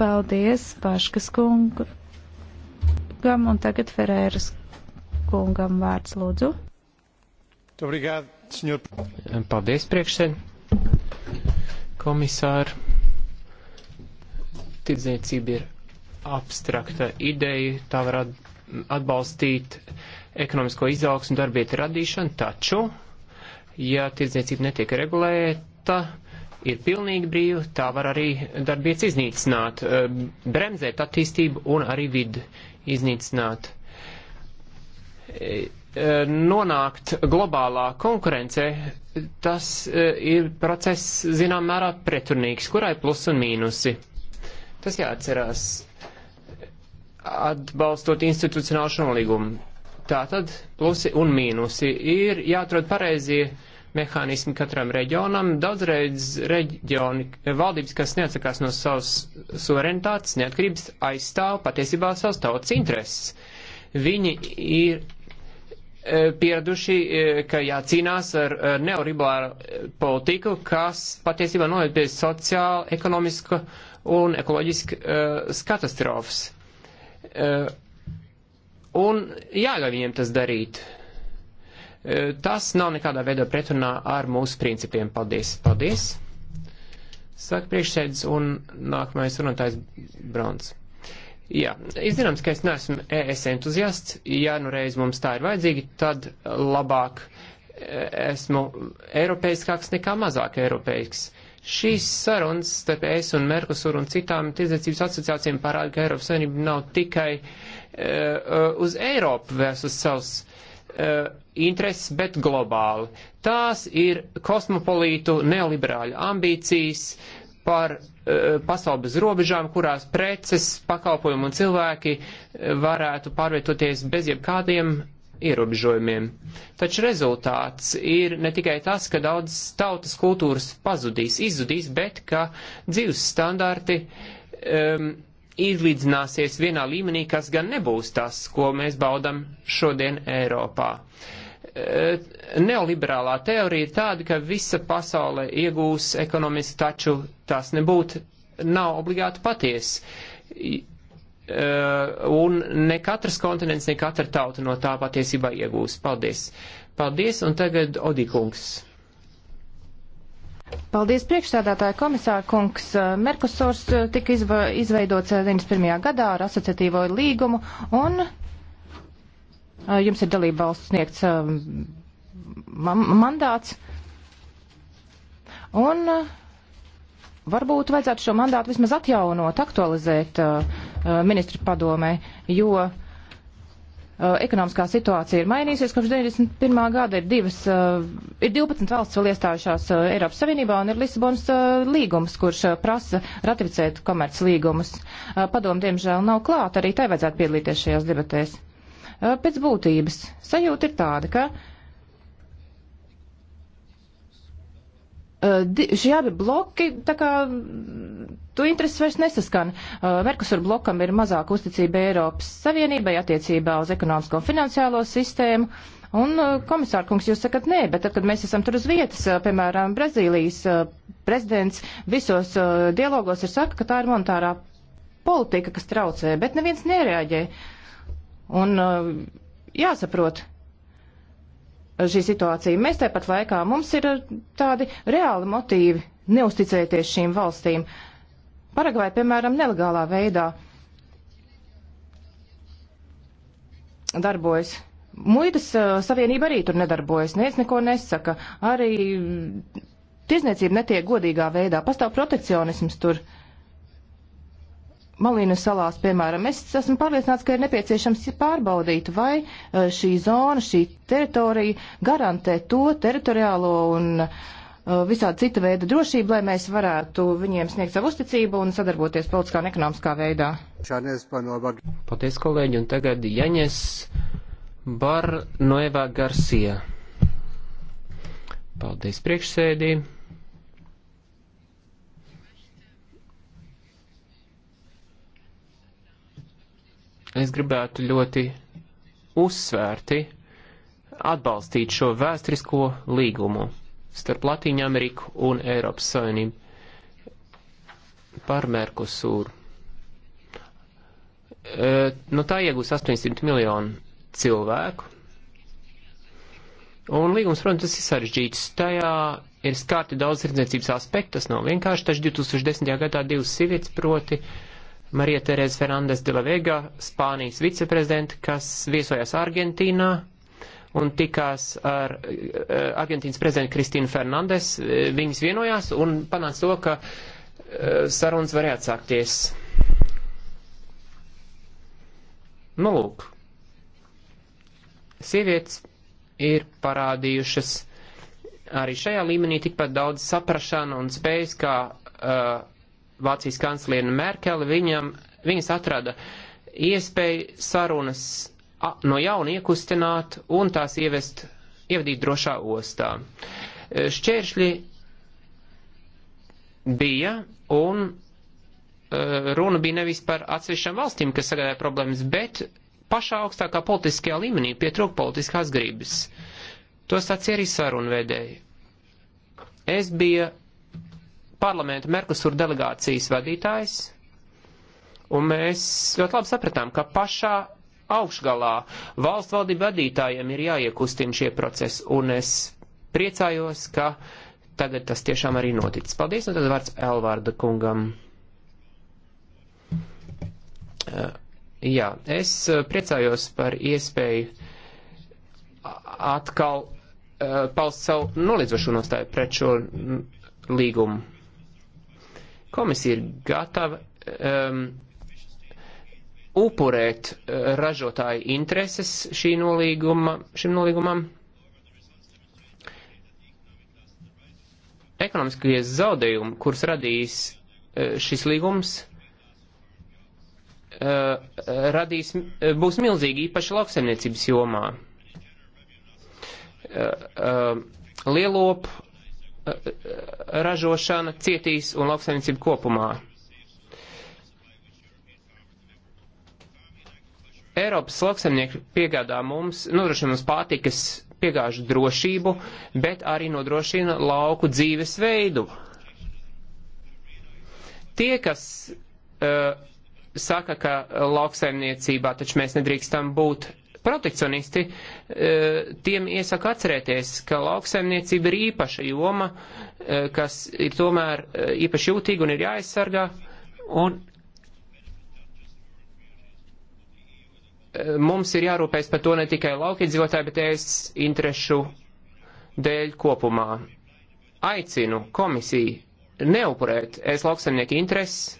Paldies Paškas kungam un tagad Ferēras kungam vārds lūdzu. Obrigado, senhor. Paldies, priekšsēdētāj komisāri. Tirdzniecība ir abstrakta ideja, tā var atbalstīt ekonomisko izaugsmu darbietu radīšanu, taču, ja tirdzniecība netiek regulēta, ir pilnīgi brīva, tā var arī darbietas iznīcināt, eh, bremzēt attīstību un arī vidi iznīcināt eh, Eh, nonākt globālā konkurencē, tas eh, ir process, zinām, mērā pretrunīgs, kurai plus un mīnusi. Tas jāatcerās, atbalstot institucionālu šo nolīgumu. Tātad plusi un mīnusi ir jāatrod pareizie mehānismi katram reģionam. Daudzreiz reģioni, valdības, kas neatsakās no savas suverenitātes, neatkarības, aizstāv patiesībā savas tautas intereses. Viņi ir pieraduši, e, ka jācīnās ar e, neoliberālu e, politiku, kas patiesībā noved pie sociāla, ekonomiska un ekoloģiskas katastrofas. Un jāļauj viņiem tas darīt. Tas nav nekādā veidā pretrunā ar mūsu principiem. Paldies! Paldies! Saka priekšsēdus un nākamais runātājs Brons. Jā, ir zināms, ka es neesmu ES entuziasts. Ja nu reiz mums tā ir vajadzīga, tad labāk esmu eiropeiskāks nekā mazāk eiropeisks. Šīs sarunas starp ES un Merkusuru un citām tirdzniecības asociācijām parāda, ka Eiropas Savienība nav tikai uh, uz Eiropu vērs uz savus uh, intereses, bet globāli. Tās ir kosmopolītu neoliberāļu ambīcijas, uh, par uh, pasauli bez robežām, kurās preces, pakalpojumi un cilvēki e, varētu pārvietoties bez jebkādiem ierobežojumiem. Taču rezultāts ir ne tikai tas, ka daudz tautas kultūras pazudīs, izzudīs, bet ka dzīves standarti um, izlīdzināsies vienā līmenī, kas gan nebūs tas, ko mēs baudam šodien Eiropā. Uh, neoliberālā teorija ir tāda, ka visa pasaule iegūs ekonomiski, taču tās nebūtu, nav obligāti patiesi. E, un ne katrs kontinents, ne katra tauta no tā patiesībā iegūs. Paldies! Paldies, un tagad Odikungs. Paldies priekšstādātāja komisāra kungs. E, Merkusors e, tika izveidots 91. gadā ar asociatīvo līgumu un Jums ir dalība valsts sniegts mandāts. Un varbūt vajadzētu šo mandātu vismaz atjaunot, aktualizēt ministru padomē, jo ekonomiskā situācija ir mainīsies. Kopš 91. gada ir, divas, ir 12 valsts vēl iestājušās Eiropas Savienībā un ir Lisabonas līgums, kurš prasa ratificēt komerc līgumus. Padomu, diemžēl, nav klāt, arī tai vajadzētu piedalīties šajās debatēs. Eh, pēc būtības sajūta ir tāda, ka eh, šie abi bloki, tā kā tu intereses vairs nesaskan. Eh, Merkusur blokam ir mazāka uzticība Eiropas Savienībai attiecībā uz ekonomisko un finansiālo sistēmu. Un komisārkungs, jūs sakat nē, bet tad, kad mēs esam tur uz vietas, piemēram, Brazīlijas prezidents visos dialogos ir saka, ka tā ir monetārā politika, kas traucē, bet neviens nereaģē. Uh, Un uh, jāsaprot šī situācija. Mēs tāpat laikā mums ir tādi reāli motīvi neusticēties šīm valstīm. Paragvai, piemēram, nelegālā veidā darbojas. Muitas uh, savienība arī tur nedarbojas, neviens neko nesaka. Arī tirzniecība netiek godīgā veidā, pastāv protekcionisms tur. Uh, Malīnu salās, piemēram, es esmu pārliecināts, ka ir nepieciešams pārbaudīt, vai eh, šī zona, šī teritorija garantē to teritoriālo un eh, visādi cita veida drošību, lai mēs varētu viņiem sniegt savu uzticību un sadarboties politiskā un ekonomiskā veidā. Paties, kolēģi, un tagad Jaņes Barnoevā Garcia. Paldies priekšsēdī. es gribētu ļoti uzsvērti atbalstīt šo vēsturisko līgumu starp Latīņu Ameriku un Eiropas Savienību par Merkusūru. E, no nu, tā iegūs 800 miljonu cilvēku. Un līgums, protams, ir sarežģīts. Tajā ir skārti daudz redzniecības aspektu, tas nav vienkārši, taču 2010. gadā divas sievietes proti uh, Marija Terēza Fernandes de la Vega, Spānijas viceprezidenta, kas viesojās Argentīnā un tikās ar eh, Argentīnas prezidentu Kristīnu Fernandes. Eh, viņas vienojās un panāca to, ka eh, sarunas varēja atsākties. Nu, lūk. Sievietes ir parādījušas arī šajā līmenī tikpat daudz saprašana un spējas, kā uh, Vācijas kanclieru Merkeli, viņam, viņas atrada iespēju sarunas no jauna iekustināt un tās ievest, ievadīt drošā ostā. E, šķēršļi bija un e, runa bija nevis par atsevišķām valstīm, kas sagādāja problēmas, bet pašā augstākā politiskajā līmenī pietrūk politiskās gribas. To stācija arī sarunvedēji. Es biju parlamenta Merkusur delegācijas vadītājs, un mēs ļoti labi sapratām, ka pašā augšgalā valsts valdību vadītājiem ir jāiekustina šie procesi, un es priecājos, ka tagad tas tiešām arī noticis. Paldies, un tad vārds Elvārda kungam. Eh, jā, es eh, priecājos par iespēju atkal eh, paust savu nolīdzošu nostāju pret šo līgumu. Komisija ir gatava um, upurēt uh, ražotāju intereses šī nolīguma, šim nolīgumam. Ekonomiskie zaudējumi, kurus radīs uh, šis līgums, uh, radīs, uh, būs milzīgi īpaši lauksaimniecības jomā. Uh, uh, lielopu ražošana cietīs un lauksaimniecība kopumā. Eiropas lauksaimnieki piegādā mums, nodrošina mums pārtikas piegāžu drošību, bet arī nodrošina lauku dzīves veidu. Tie, kas uh, saka, ka lauksaimniecībā taču mēs nedrīkstam būt Protekcionisti e, tiem iesaka atcerēties, ka lauksaimniecība ir īpaša joma, e, kas ir tomēr e, īpaši jūtīga un ir jāaizsargā. Un mums ir jārūpējas par to ne tikai laukiedzīvotāji, bet es interešu dēļ kopumā. Aicinu komisiju neupurēt es lauksaimnieku intereses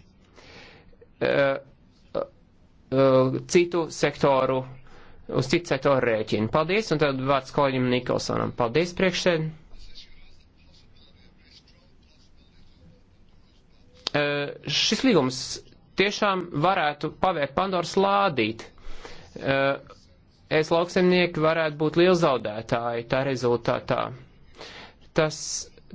uh, uh, citu sektoru uz citu sektoru rēķinu. Paldies, un tad vārds kolēģim Nikolsonam. Paldies, priekšsēd. Uh, šis līgums tiešām varētu pavērt Pandoras lādīt. Uh, es lauksemnieki varētu būt liels zaudētāji tā rezultātā. Tas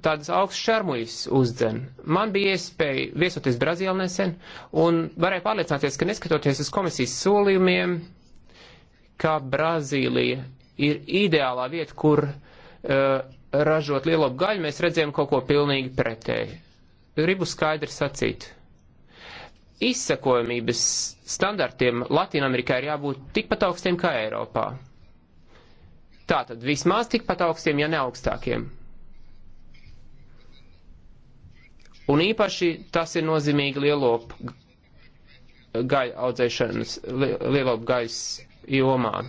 tādas augstas šarmuļas uzdzen. Man bija iespēja viesoties Brazīlē nesen un varēja pārliecināties, ka neskatoties uz komisijas solījumiem, uh, ka Brazīlija ir ideālā vieta, kur uh, ražot lielu gaļu, mēs redzējām kaut ko pilnīgi pretēju. Gribu skaidri sacīt. Izsakojamības standartiem Latvijā ir jābūt tikpat augstiem kā Eiropā. Tātad vismaz tikpat augstiem, ja ne augstākiem. Un īpaši tas ir nozīmīgi lielopu gaļa audzēšanas, lielopu gaļas jomā.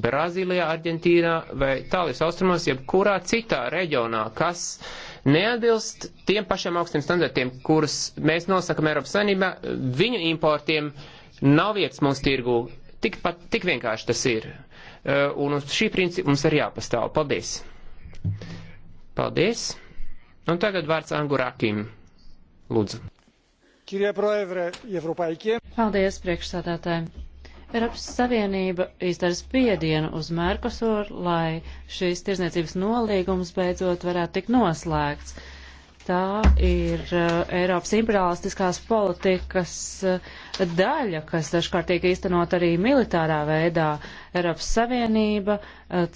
Brazīlijā, Argentīnā vai Tālijas austrumos, jebkurā citā reģionā, kas neatbilst tiem pašiem augstiem standartiem, kurus mēs nosakam Eiropas Savienībā, viņu importiem nav vietas mūsu tirgū. Tik, pat, tik vienkārši tas ir. Uh, un uz šī principa mums ir jāpastāv. Paldies! Paldies! Un tagad vārds Angurakim. Lūdzu. Paldies, priekšsādātāji! Eiropas Savienība izdara spiedienu uz Merkosuru, lai šīs tirzniecības nolīgums beidzot varētu tikt noslēgts. Tā ir uh, Eiropas imperialistiskās politikas uh, daļa, kas dažkārt tiek īstenot arī militārā veidā. Eiropas Savienība uh,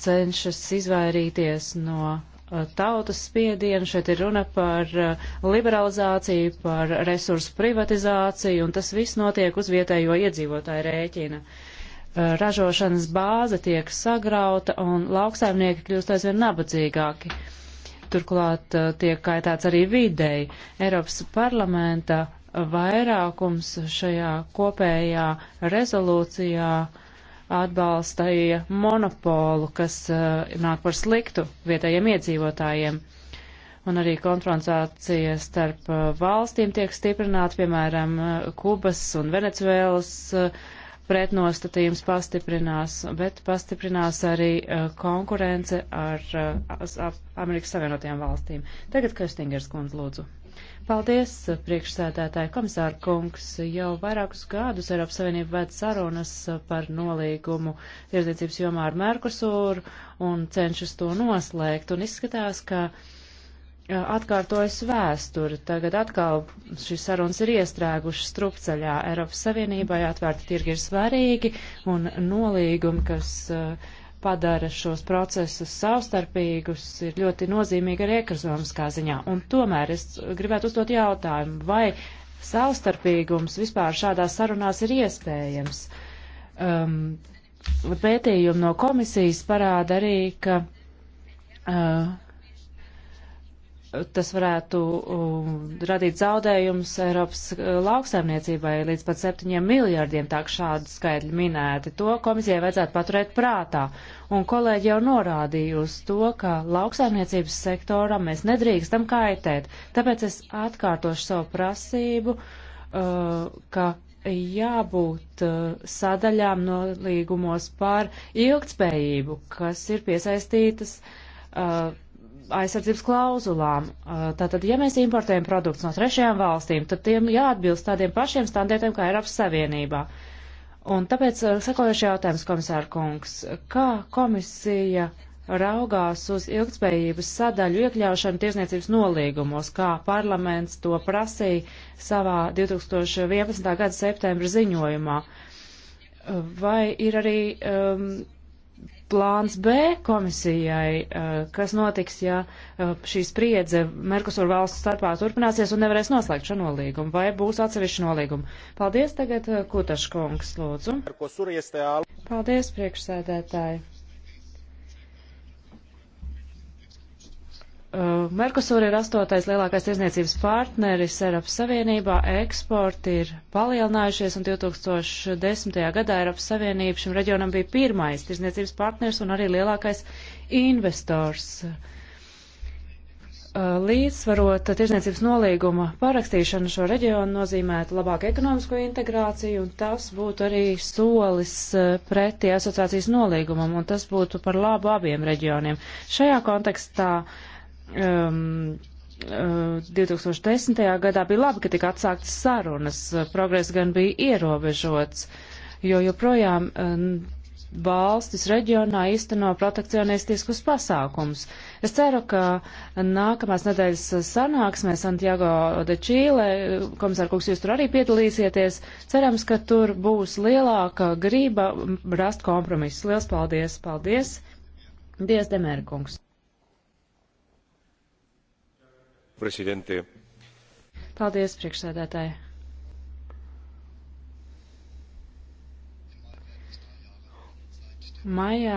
cenšas izvairīties no Eh, tautas spiedienu, šeit ir runa par eh, liberalizāciju, par resursu privatizāciju, un tas viss notiek uz vietējo iedzīvotāju rēķina. Eh, ražošanas bāze tiek sagrauta, un lauksaimnieki kļūst aizvien nabadzīgāki. Turklāt tiek kaitēts arī videi. Eiropas parlamenta vairākums šajā kopējā rezolūcijā uh, atbalstīja monopolu, kas uh, nāk par sliktu vietējiem iedzīvotājiem. Un arī konfrontācija starp uh, valstīm tiek stiprināta, piemēram, eh, Kubas un Venecuēlas uh, pretnostatījums pastiprinās, bet pastiprinās arī uh, konkurence ar uh, Amerikas Savienotajām valstīm. Tagad Kristingers kundze lūdzu. Paldies, priekšsēdētāji komisāra kungs. Jau vairākus gadus Eiropas Savienība ved sarunas par nolīgumu tirdzniecības jomā ar Merkusūru un cenšas to noslēgt. Un izskatās, ka atkārtojas vēsture. Tagad atkal šīs sarunas ir iestrēgušas strupceļā. Eiropas Savienībai atvērti tirgi ir svarīgi un nolīgumi, kas uh, padara šos procesus savstarpīgus, ir ļoti nozīmīga arī ekonomiskā ziņā. Un tomēr es gribētu uzdot jautājumu, vai savstarpīgums vispār šādās sarunās ir iespējams? Um, pētījumi no komisijas parāda arī, ka uh, tas varētu uh, radīt zaudējumus Eiropas uh, lauksaimniecībai līdz pat 7 miljārdiem, tā šādi skaitļi minēti. To komisijai vajadzētu paturēt prātā. Un kolēģi jau norādīja uz to, ka lauksaimniecības sektoram mēs nedrīkstam kaitēt. Tāpēc es atkārtošu savu prasību, uh, ka jābūt uh, sadaļām no līgumos par ilgtspējību, kas ir piesaistītas uh, aizsardzības klauzulām. Uh, tātad, ja mēs importējam produktus no trešajām valstīm, tad tiem jāatbilst tādiem pašiem standartiem kā Eiropas Savienībā. Un tāpēc uh, sekojuši jautājums, komisāra kungs, kā komisija raugās uz ilgtspējības sadaļu iekļaušanu tiesniecības nolīgumos, kā parlaments to prasīja savā 2011. gada septembra ziņojumā. Vai ir arī um, plāns B komisijai, eh, kas notiks, ja eh, šī spriedze Merkusur valsts starpā turpināsies un nevarēs noslēgt šo nolīgumu, vai būs atsevišķi nolīgumi. Paldies tagad, eh, Kutaškungs, lūdzu. Paldies, priekšsēdētāji. Merkusūra ir astotais lielākais tirzniecības partneris Eiropas Savienībā, eksporti ir palielinājušies, un 2010. gadā Eiropas Savienība šim reģionam bija pirmais tirzniecības partners un arī lielākais investors. Uh, līdzsvarot tirzniecības nolīguma parakstīšanu šo reģionu nozīmētu labāku ekonomisko integrāciju, un tas būtu arī solis uh, pretī asociācijas nolīgumam, un tas būtu par labu abiem reģioniem. Šajā kontekstā uh, um, 2010. Uh, gadā bija labi, ka tika atsāktas sarunas, progress gan bija ierobežots, jo joprojām um, valstis reģionā īsteno protekcionistiskus pasākums. Es ceru, ka nākamās nedēļas sanāksmē Santiago de Čīle, komisār kungs, jūs tur arī piedalīsieties. Cerams, ka tur būs lielāka grība rast kompromisu. Liels paldies! Paldies! Dievs, Demērkungs! prezidente. Paldies, priekšsēdētāji. Maijā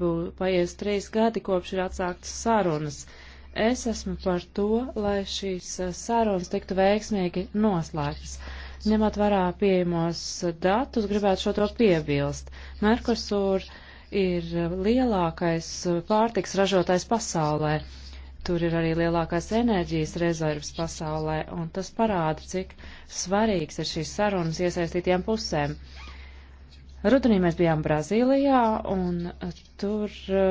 būs paies trīs gadi, kopš ir atsāktas sarunas. Es esmu par to, lai šīs eh, sarunas tiktu veiksmīgi noslēgtas. Ņemot vērā pieejamos datus, gribētu šo to piebilst. Merkosur ir lielākais pārtiks ražotājs pasaulē. Tur ir arī lielākās enerģijas rezerves pasaulē, un tas parāda, cik svarīgs ir šīs sarunas iesaistītiem pusēm. Rudenī mēs bijām Brazīlijā, un tur uh,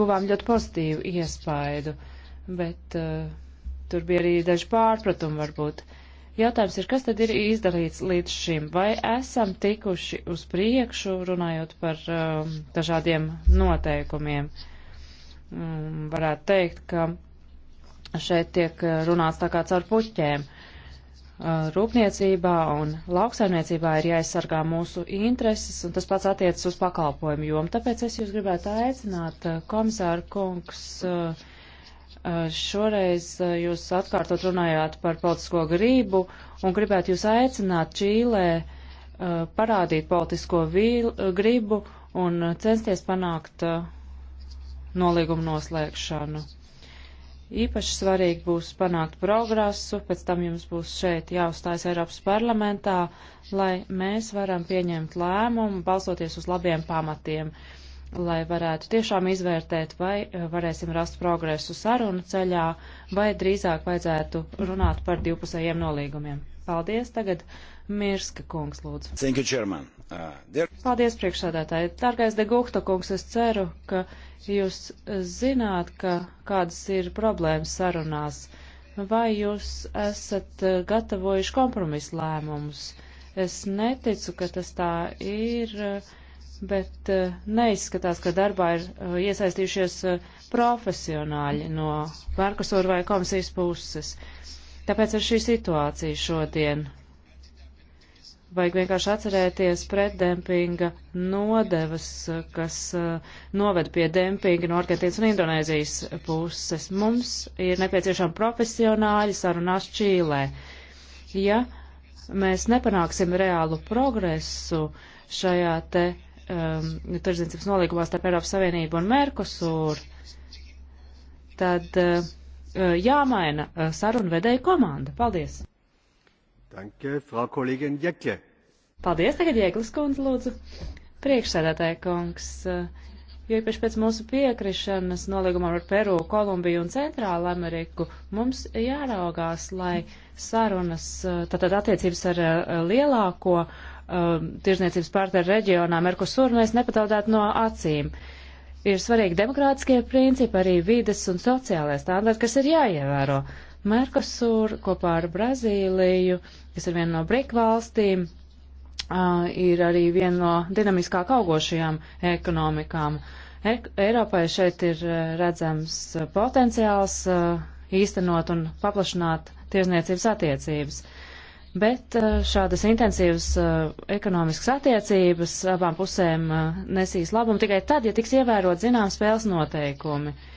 guvām ļoti pozitīvu iespaidu, bet uh, tur bija arī daži pārpratumi varbūt. Jautājums ir, kas tad ir izdarīts līdz šim? Vai esam tikuši uz priekšu, runājot par um, dažādiem noteikumiem? Uh, Mm, varētu teikt, ka šeit tiek eh, runāts tā kā caur puķēm. Eh, rūpniecībā un lauksaimniecībā ir jāaizsargā mūsu intereses, un tas pats attiecas uz pakalpojumu jomu. Tāpēc es jūs gribētu aicināt, eh, komisāra kungs, šoreiz jūs atkārtot runājāt par politisko grību un gribētu jūs aicināt Čīlē parādīt politisko gribu un censties panākt uh, nolīgumu noslēgšanu. Īpaši svarīgi būs panākt progresu, pēc tam jums būs šeit jāuzstājas Eiropas parlamentā, lai mēs varam pieņemt lēmumu, balsoties uz labiem pamatiem, lai varētu tiešām izvērtēt, vai eh, varēsim rast progresu sarunu ceļā, vai drīzāk vajadzētu runāt par divpusējiem nolīgumiem. Paldies, tagad Mirska kungs lūdzu. Thank you, Chairman. Paldies, priekšsādātāji. Dargais de Guhta kungs, es ceru, ka jūs zināt, ka kādas ir problēmas sarunās. Vai jūs esat gatavojuši kompromisu lēmumus? Es neticu, ka tas tā ir, bet neizskatās, ka darbā ir iesaistījušies profesionāļi no Merkusūra vai komisijas puses. Tāpēc ar šī situācija šodien Vajag vienkārši atcerēties pretdempinga nodevas, kas uh, noved pie dempinga no Argentīnas un Indonēzijas puses. Mums ir nepieciešama profesionāļi sarunās Čīlē. Ja mēs nepanāksim reālu progresu šajā te um, tirdzniecības nolīgumā starp Eiropas Savienību un Merkusūru, tad uh, jāmaina eh, sarunu vedēju komanda. Paldies! Danke, Frau Kollegin Jekle. Paldies, tagad Jēglis kundze, lūdzu. Priekšsēdētāja kungs, jo īpaši pēc mūsu piekrišanas nolīgumam ar Peru, Kolumbiju un Centrālu Ameriku mums jāraugās, lai sarunas, tātad attiecības ar eh, lielāko uh, tirzniecības partneru reģionā Merkusur mēs nepataudētu no acīm. Ir svarīgi demokrātiskie principi, arī vides un sociālais standarti, kas ir jāievēro. Uh, Merkosur kopā ar Brazīliju, kas ir viena no BRIK valstīm, ir arī viena no dinamiskāk augošajām ekonomikām. Ek Eiropai šeit ir redzams potenciāls īstenot un paplašināt tiesniecības attiecības. Bet šādas intensīvas ekonomiskas attiecības abām pusēm nesīs labumu tikai tad, ja tiks ievērot zinām spēles noteikumi. Uh,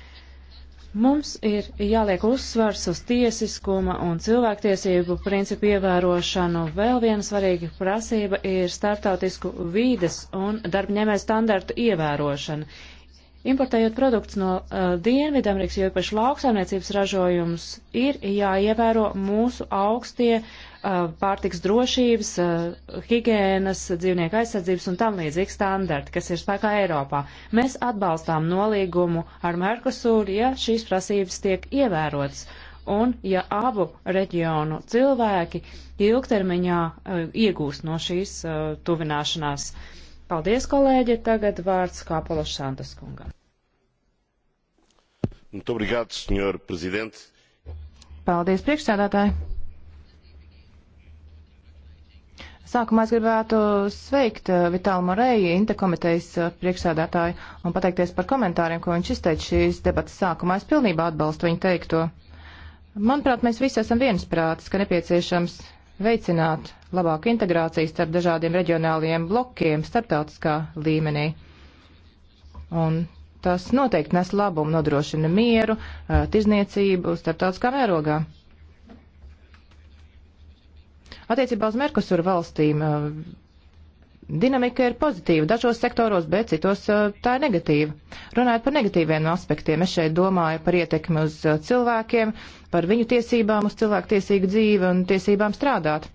Mums ir jāliek uzsvars uz tiesiskuma un cilvēktiesību principu ievērošanu. Vēl viena svarīga prasība ir starptautisku vīdes un darbņēmē standartu ievērošana. Importējot produktus no uh, eh, Dienvidamerikas, jo īpaši lauksaimniecības ražojums, ir jāievēro mūsu augstie uh, pārtiks drošības, uh, higienas, dzīvnieku aizsardzības un tam līdzīgi standarti, kas ir spēkā Eiropā. Mēs atbalstām nolīgumu ar Merkusūru, ja šīs prasības tiek ievērotas un ja abu reģionu cilvēki ilgtermiņā uh, iegūst no šīs uh, tuvināšanās. Uh, Paldies, kolēģi. Tagad vārds Kāpola Šantas kungam. Obrigado, senhor presidente. Paldies, priekšsēdētāji. Sākumā es gribētu sveikt eh, Vitālu Moreju, Intekomitejas eh, priekšsēdētāju, un pateikties par komentāriem, ko viņš izteica šīs debatas sākumā. Es pilnībā atbalstu viņu teikto. Manuprāt, mēs visi esam viensprātis, ka nepieciešams veicināt labāku integrāciju starp dažādiem reģionāliem blokiem starptautiskā līmenī. Un tas noteikti nes labumu, nodrošina mieru, tirzniecību starptautiskā mērogā. Attiecībā uz Merkusuru valstīm Dinamika ir pozitīva dažos sektoros, bet citos eh, tā ir negatīva. Runājot par negatīviem aspektiem, es šeit domāju par ietekmi uz eh, cilvēkiem, par viņu tiesībām uz cilvēku tiesīgu dzīvi un tiesībām strādāt.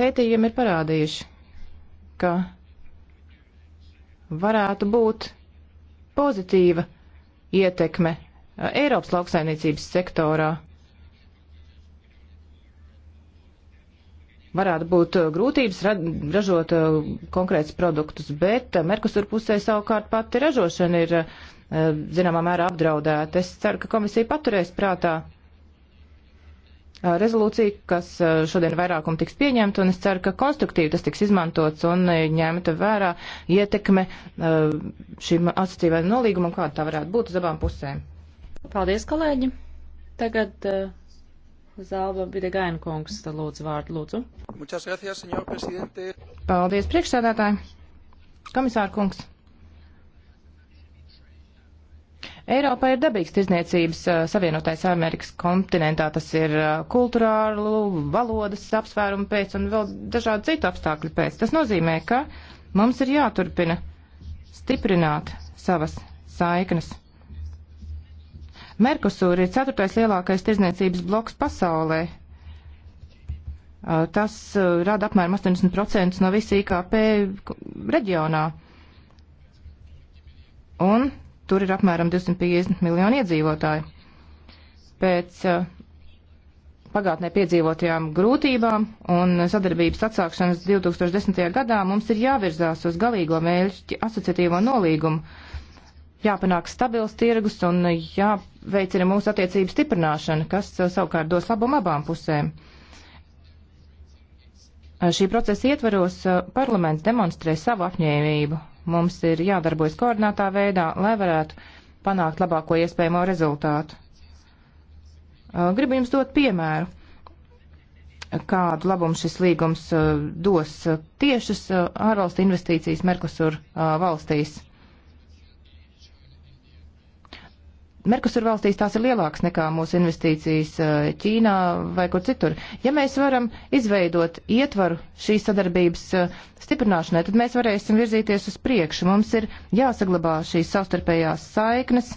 Pētījumi ir parādījuši, ka varētu būt pozitīva ietekme eh, Eiropas lauksaimniecības sektorā varētu būt uh, grūtības ražot uh, konkrētus produktus, bet uh, Merkusur pusē savukārt pati ražošana ir zināmā mērā apdraudēta. Es ceru, ka komisija paturēs prātā rezolūciju, kas šodien vairākumu tiks pieņemta, un es ceru, ka konstruktīvi tas tiks izmantots un ņemta vērā ietekme šim asociatīvajam nolīgumam, kāda tā varētu būt uz abām pusēm. Paldies, kolēģi! Tagad uh, Zalba Bidegaina kungs lūdzu vārdu, lūdzu. Gracias, Paldies, priekšsēdētāji. Komisāra kungs. Eiropā ir dabīgs tirzniecības savienotais Amerikas kontinentā. Tas ir kultūrālu, valodas apsvērumu pēc un vēl dažādu citu apstākļu pēc. Tas nozīmē, ka mums ir jāturpina stiprināt savas saiknes Merkusūra ir ceturtais lielākais tirzniecības bloks pasaulē. Tas rada apmēram 80% no visa IKP reģionā. Un tur ir apmēram 250 miljoni iedzīvotāji. Pēc pagātnē piedzīvotajām grūtībām un sadarbības atsākšanas 2010. gadā mums ir jāvirzās uz galīgo mērķi asociatīvo nolīgumu jāpanāk stabils tirgus un jāveicina mūsu attiecību stiprināšana, kas eh, savukārt dos labumu abām pusēm. Eh, šī procesa ietvaros eh, parlaments demonstrē savu apņēmību. Mums ir jādarbojas koordinātā veidā, lai varētu panākt labāko iespējamo rezultātu. Gribu jums dot piemēru, kādu labumu šis līgums dos tiešas ārvalstu investīcijas Merkusur valstīs. Merkusur valstīs tās ir lielākas nekā mūsu investīcijas eh, Ķīnā vai kur citur. Ja mēs varam izveidot ietvaru šīs sadarbības eh, stiprināšanai, tad mēs varēsim virzīties uz priekšu. Mums ir jāsaglabā šīs savstarpējās saiknes,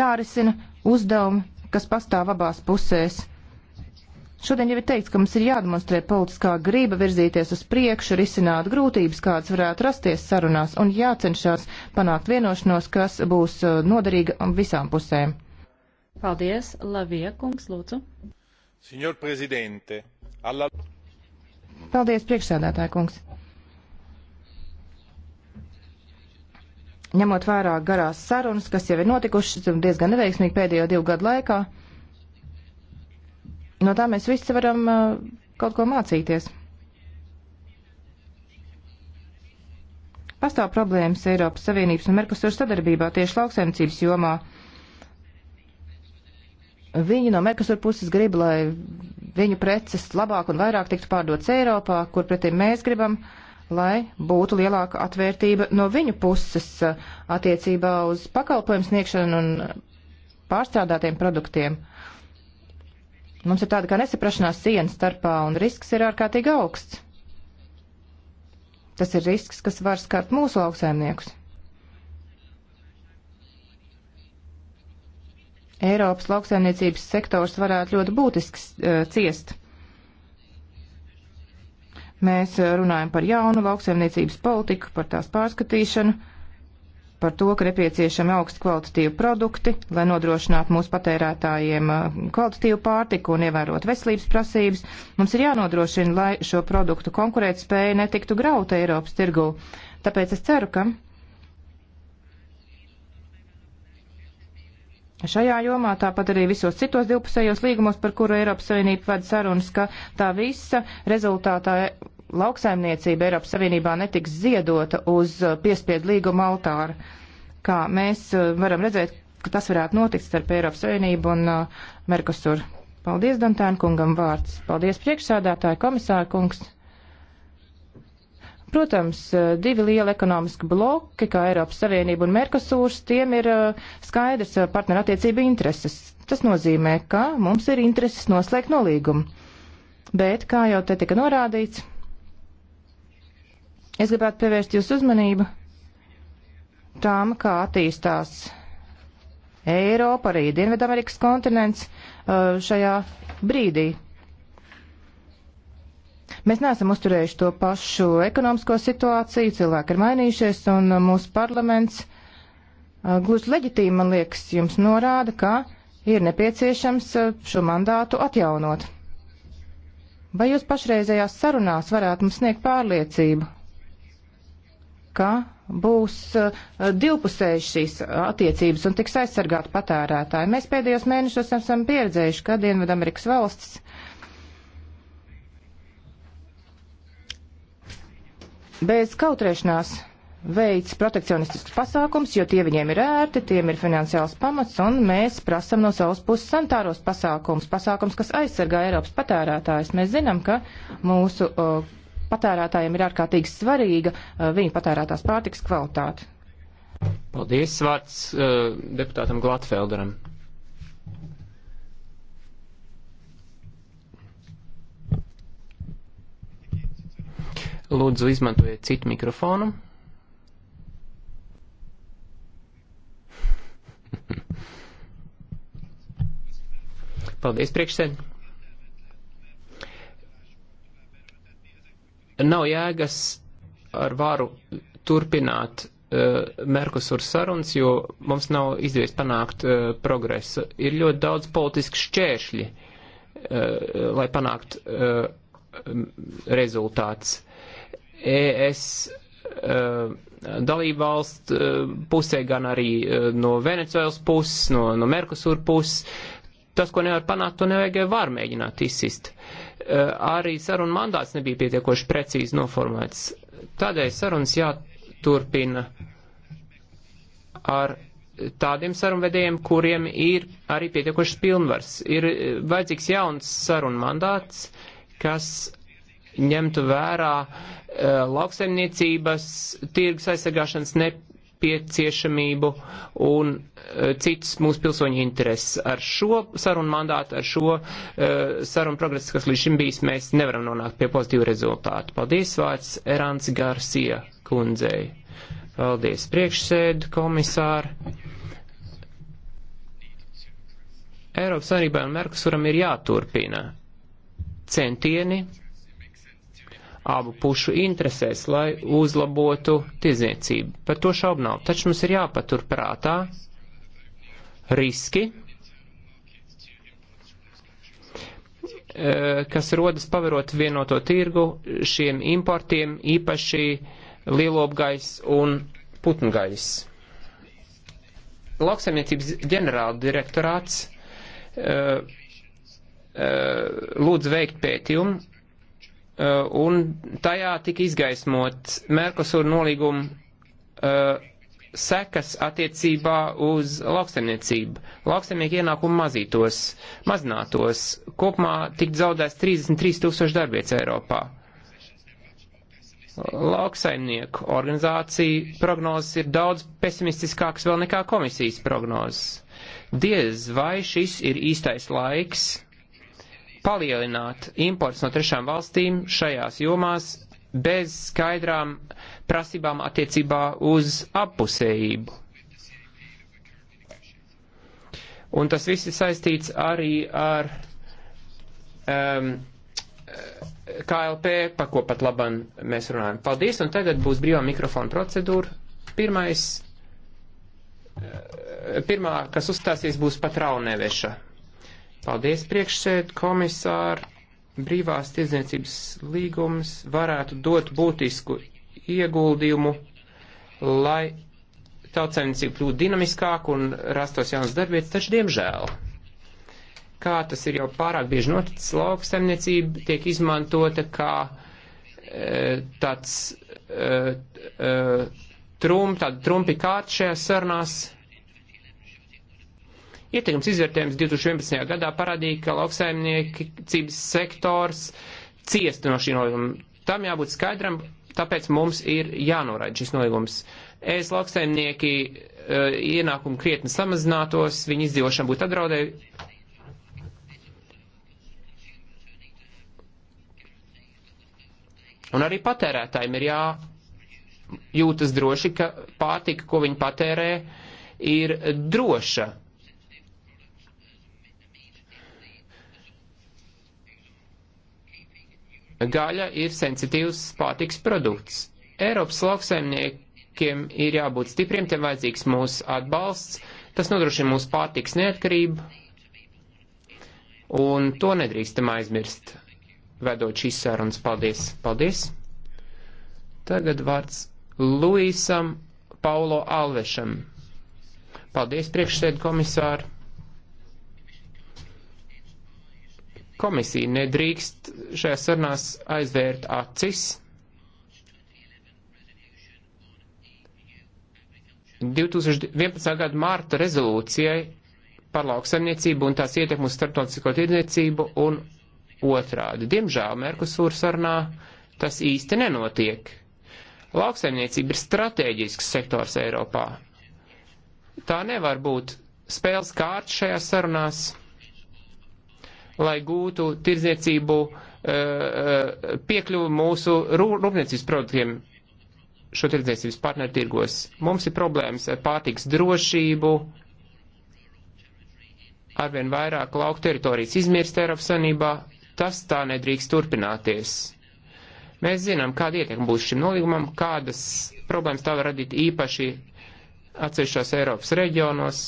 jārisina uzdevumi, kas pastāv abās pusēs Šodien jau ir teikts, ka mums ir jādemonstrē politiskā grība virzīties uz priekšu, risināt grūtības, kādas varētu rasties sarunās, un jācenšas panākt vienošanos, kas būs uh, noderīga visām pusēm. Paldies, Lavie kungs, lūdzu. Signor prezidente, alla... Paldies, priekšsēdētāja kungs. Ņemot vērā garās sarunas, kas jau ir notikušas diezgan neveiksmīgi pēdējo divu gadu laikā, No tā mēs visi varam uh, kaut ko mācīties. Pastāv problēmas Eiropas Savienības un Merkusur sadarbībā tieši lauksaimniecības jomā. Viņi no Merkusur puses grib, lai viņu preces labāk un vairāk tiktu pārdotas Eiropā, kur pretī mēs gribam, lai būtu lielāka atvērtība no viņu puses uh, attiecībā uz pakalpojumu sniegšanu un pārstrādātiem produktiem. Uh, Mums ir tāda kā nesaprašanās siena starpā, un risks ir ārkārtīgi augsts. Tas ir risks, kas var skart mūsu lauksaimniekus. Eiropas lauksaimniecības sektors varētu ļoti būtiski uh, eh, ciest. Mēs eh, runājam par jaunu lauksaimniecības politiku, par tās pārskatīšanu par to, ka nepieciešami augsti kvalitatīvi produkti, lai nodrošinātu mūsu patērētājiem uh, kvalitatīvu pārtiku un ievērot veselības prasības. Mums ir jānodrošina, lai šo produktu konkurētspēja netiktu grauta Eiropas tirgū. Tāpēc es ceru, ka Šajā jomā, tāpat arī visos citos divpusējos līgumos, par kuru Eiropas Savienība ved sarunas, ka tā visa rezultātā lauksaimniecība Eiropas Savienībā netiks ziedota uz uh, piespiedu līguma altāra. Kā mēs uh, varam redzēt, ka tas varētu notikt starp Eiropas Savienību un uh, Merkosur. Paldies, Dantēna kungam vārds. Paldies, priekšsādātāji, komisāra kungs. Protams, uh, divi lieli ekonomiski bloki, kā Eiropas Savienība un Merkosūrs, tiem ir uh, skaidrs partnerattiecība intereses. Tas nozīmē, ka mums ir intereses noslēgt nolīgumu. Bet, kā jau te tika norādīts, Es gribētu pievērst jūsu uzmanību tām, kā attīstās Eiropa, arī Dienvidamerikas kontinents uh, šajā brīdī. Mēs neesam uzturējuši to pašu ekonomisko situāciju, cilvēki ir mainījušies, un uh, mūsu parlaments uh, gluži leģitīvi, man liekas, jums norāda, ka ir nepieciešams šo mandātu atjaunot. Vai jūs pašreizējās sarunās varētu mums sniegt pārliecību ka būs eh, divpusēji šīs attiecības un tiks aizsargāti patērētāji. Mēs pēdējos mēnešos esam pieredzējuši, ka Dienvidamerikas valstis bez kautrēšanās veids protekcionistiskus pasākums, jo tie viņiem ir ērti, tiem ir finansiāls pamats, un mēs prasam no savas puses santāros pasākums, pasākums, kas aizsargā Eiropas patērētājs. Mēs zinām, ka mūsu uh, patērētājiem ir ārkārtīgi svarīga uh, viņu patērētās pārtikas kvalitāte. Paldies, vārds uh, deputātam Glatfelderam. Lūdzu, izmantojiet citu mikrofonu. Paldies, priekšsēdētāji. Nav jēgas ar varu turpināt uh, Merkusur sarunas, jo mums nav izdevies panākt uh, progresu. Ir ļoti daudz politiski šķēršļi, uh, lai panākt uh, rezultāts. ES uh, dalībvalstu uh, pusē, gan arī uh, no Venecuēlas puses, no, no Merkusur puses. Tas, ko nevar panākt, to nevajag var mēģināt izsist. Uh, Eh, arī saruna mandāts nebija pietiekoši precīzi noformēts. Tādēļ sarunas jāturpina ar tādiem sarunvedējiem, kuriem ir arī pietiekošas pilnvars. Ir eh, vajadzīgs jauns saruna mandāts, kas ņemtu vērā uh, lauksaimniecības tirgus aizsargāšanas nepieciešamību nepieciešamību un e, citas mūsu pilsoņu intereses. Ar šo sarunu mandātu, ar šo e, sarunu progresu, kas līdz šim bijis, mēs nevaram nonākt pie pozitīvu rezultātu. Paldies vārds Erāns Garcia kundzei. Paldies priekšsēdu komisāru. Eiropas Savienībai un Merkusuram ir jāturpina centieni abu pušu interesēs, lai uzlabotu tirzniecību. Par to šaubu nav. Taču mums ir jāpatur prātā riski, e, kas rodas pavarot vienoto tirgu šiem importiem, īpaši lielopgais un putngais. Lauksaimniecības ģenerāla direktorāts uh, uh, lūdz veikt pētījumu Uh, un tajā tika izgaismots Merkosur nolīguma uh, sekas attiecībā uz lauksaimniecību. Lauksaimnieki ienākumu mazītos, mazinātos. Kopumā tik zaudēs 33 tūkstoši darbietas Eiropā. Lauksaimnieku organizācija prognozes ir daudz pesimistiskākas vēl nekā komisijas prognozes. Diez vai šis ir īstais laiks palielināt imports no trešām valstīm šajās jomās bez skaidrām prasībām attiecībā uz appusējību. Un tas viss ir saistīts arī ar um, KLP, pa ko pat laban mēs runājam. Paldies, un tagad būs brīvā mikrofona procedūra. Pirmais, uh, pirmā, kas uzstāsies, būs pat Rauneveša Paldies, priekšsēd, komisāri. Brīvās tirdzniecības līgums varētu dot būtisku ieguldījumu, lai tautsēmniecība kļūtu dinamiskāk un rastos jaunas darbietas, taču diemžēl. Kā tas ir jau pārāk bieži noticis, lauksaimniecība tiek izmantota kā e, tāds e, e, trum, tāda trumpi kārt šajās sarunās Ietekmes izvērtējums 2011. gadā parādīja, ka lauksaimniecības sektors ciest no šī nolīguma. Tam jābūt skaidram, tāpēc mums ir jānoraida šis nolīgums. Es lauksaimnieki e, ienākumu krietni samazinātos, viņu izdzīvošana būtu apdraudēta. Un arī patērētājiem ir jājūtas droši, ka pārtika, ko viņi patērē, ir droša. Gaļa ir sensitīvs pārtiks produkts. Eiropas lauksaimniekiem ir jābūt stipriem, tiem vajadzīgs mūsu atbalsts, tas nodrošina mūsu pārtiks neatkarību, un to nedrīkstam aizmirst, vedot šīs sarunas. Paldies! Paldies! Tagad vārds Luisam Paulo Alvešam. Paldies, priekšsēd komisāri! Komisija nedrīkst šajā sarunās aizvērt acis. 2011. gada mārta rezolūcijai par lauksaimniecību un tās ietekmu uz starptautisko tirdzniecību un otrādi. Diemžēl Merkusūra sarunā tas īsti nenotiek. Lauksaimniecība ir strateģisks sektors Eiropā. Tā nevar būt spēles kārts šajās sarunās lai gūtu tirdzniecību eh, eh, piekļuvu mūsu rūpniecības produktiem šo tirdzniecības partneru tirgos. Mums ir problēmas ar pārtiks drošību, arvien vairāk lauku teritorijas izmirst Eiropas Sanībā, tas tā nedrīkst turpināties. Mēs zinām, kāda ietekme būs šim nolīgumam, kādas problēmas tā var radīt īpaši atsevišķos Eiropas reģionos,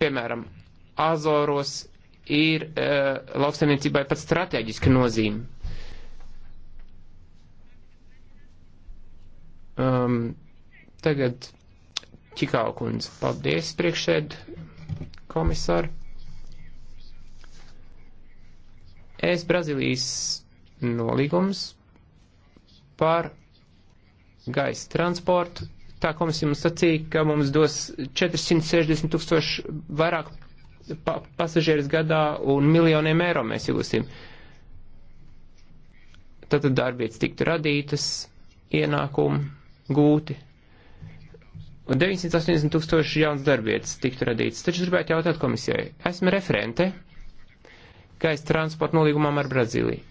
piemēram, Azoros, ir uh, lauksaimniecībai pat strateģiska nozīme. Um, tagad Čikāla kundze. Paldies, priekšsēd komisāri. Es Brazīlijas nolīgums par gaisa transportu. Tā komisija mums sacīja, ka mums dos 460 tūkstoši vairāk pa pasažieris gadā un miljoniem eiro mēs iegūsim. Tad darbietas tiktu radītas, ienākumi gūti. Un 980 tūkstoši jauns darbietas tiktu radītas. Taču gribētu jautāt komisijai. Esmu referente gaisa transporta nolīgumam ar Brazīliju.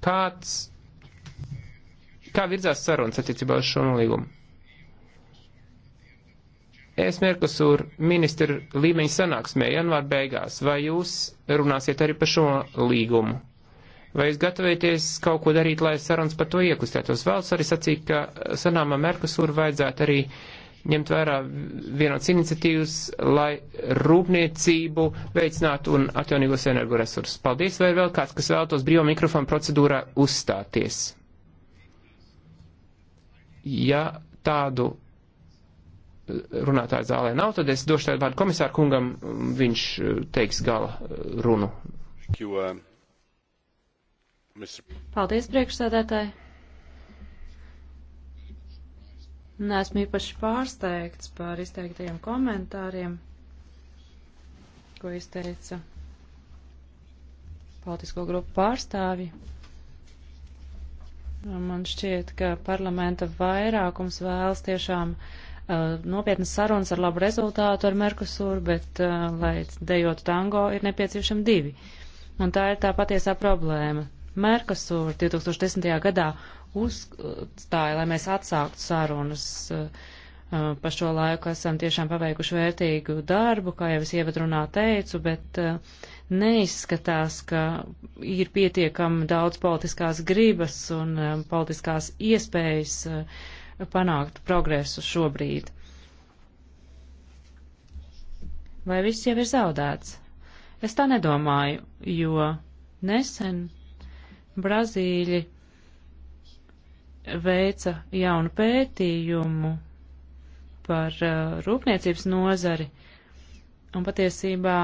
Kāds, kā virzās sarunas attiecībā uz šo nolīgumu? Es Merkusur ministru līmeņa sanāksmē janvāra beigās, vai jūs runāsiet arī par šo līgumu? Vai jūs gatavojaties kaut ko darīt, lai sarunas par to iekustētos? Vēlos arī sacīt, ka sanāmā Merkusur vajadzētu arī ņemt vērā vienots iniciatīvas, lai rūpniecību veicinātu un atjaunīgos energoresursus. Paldies, vai ir vēl kāds, kas vēlētos brīvo mikrofonu procedūrā uzstāties? Ja tādu runātāju zālē nav, tad es došu tādu vārdu komisāru kungam, um, viņš uh, teiks gala uh, runu. Uh, Paldies, priekšsēdētāji. Nesmu īpaši pārsteigts par izteiktajiem komentāriem, ko izteica politisko grupu pārstāvji. Man šķiet, ka parlamenta vairākums vēlas tiešām uh, Eh, nopietnas sarunas ar labu rezultātu ar Merkusūru, bet, eh, lai dejotu tango, ir nepieciešami divi. Un tā ir tā patiesā problēma. Merkusūra 2010. gadā uzstāja, lai mēs atsāktu sarunas. Eh, pa šo laiku esam tiešām paveikuši vērtīgu darbu, kā jau es ievadrunā teicu, bet neizskatās, ka ir pietiekami daudz politiskās gribas un politiskās iespējas uh, panākt progresu šobrīd. Vai viss jau ir zaudēts? Es tā nedomāju, jo nesen Brazīļi veica jaunu pētījumu par uh, rūpniecības nozari, un patiesībā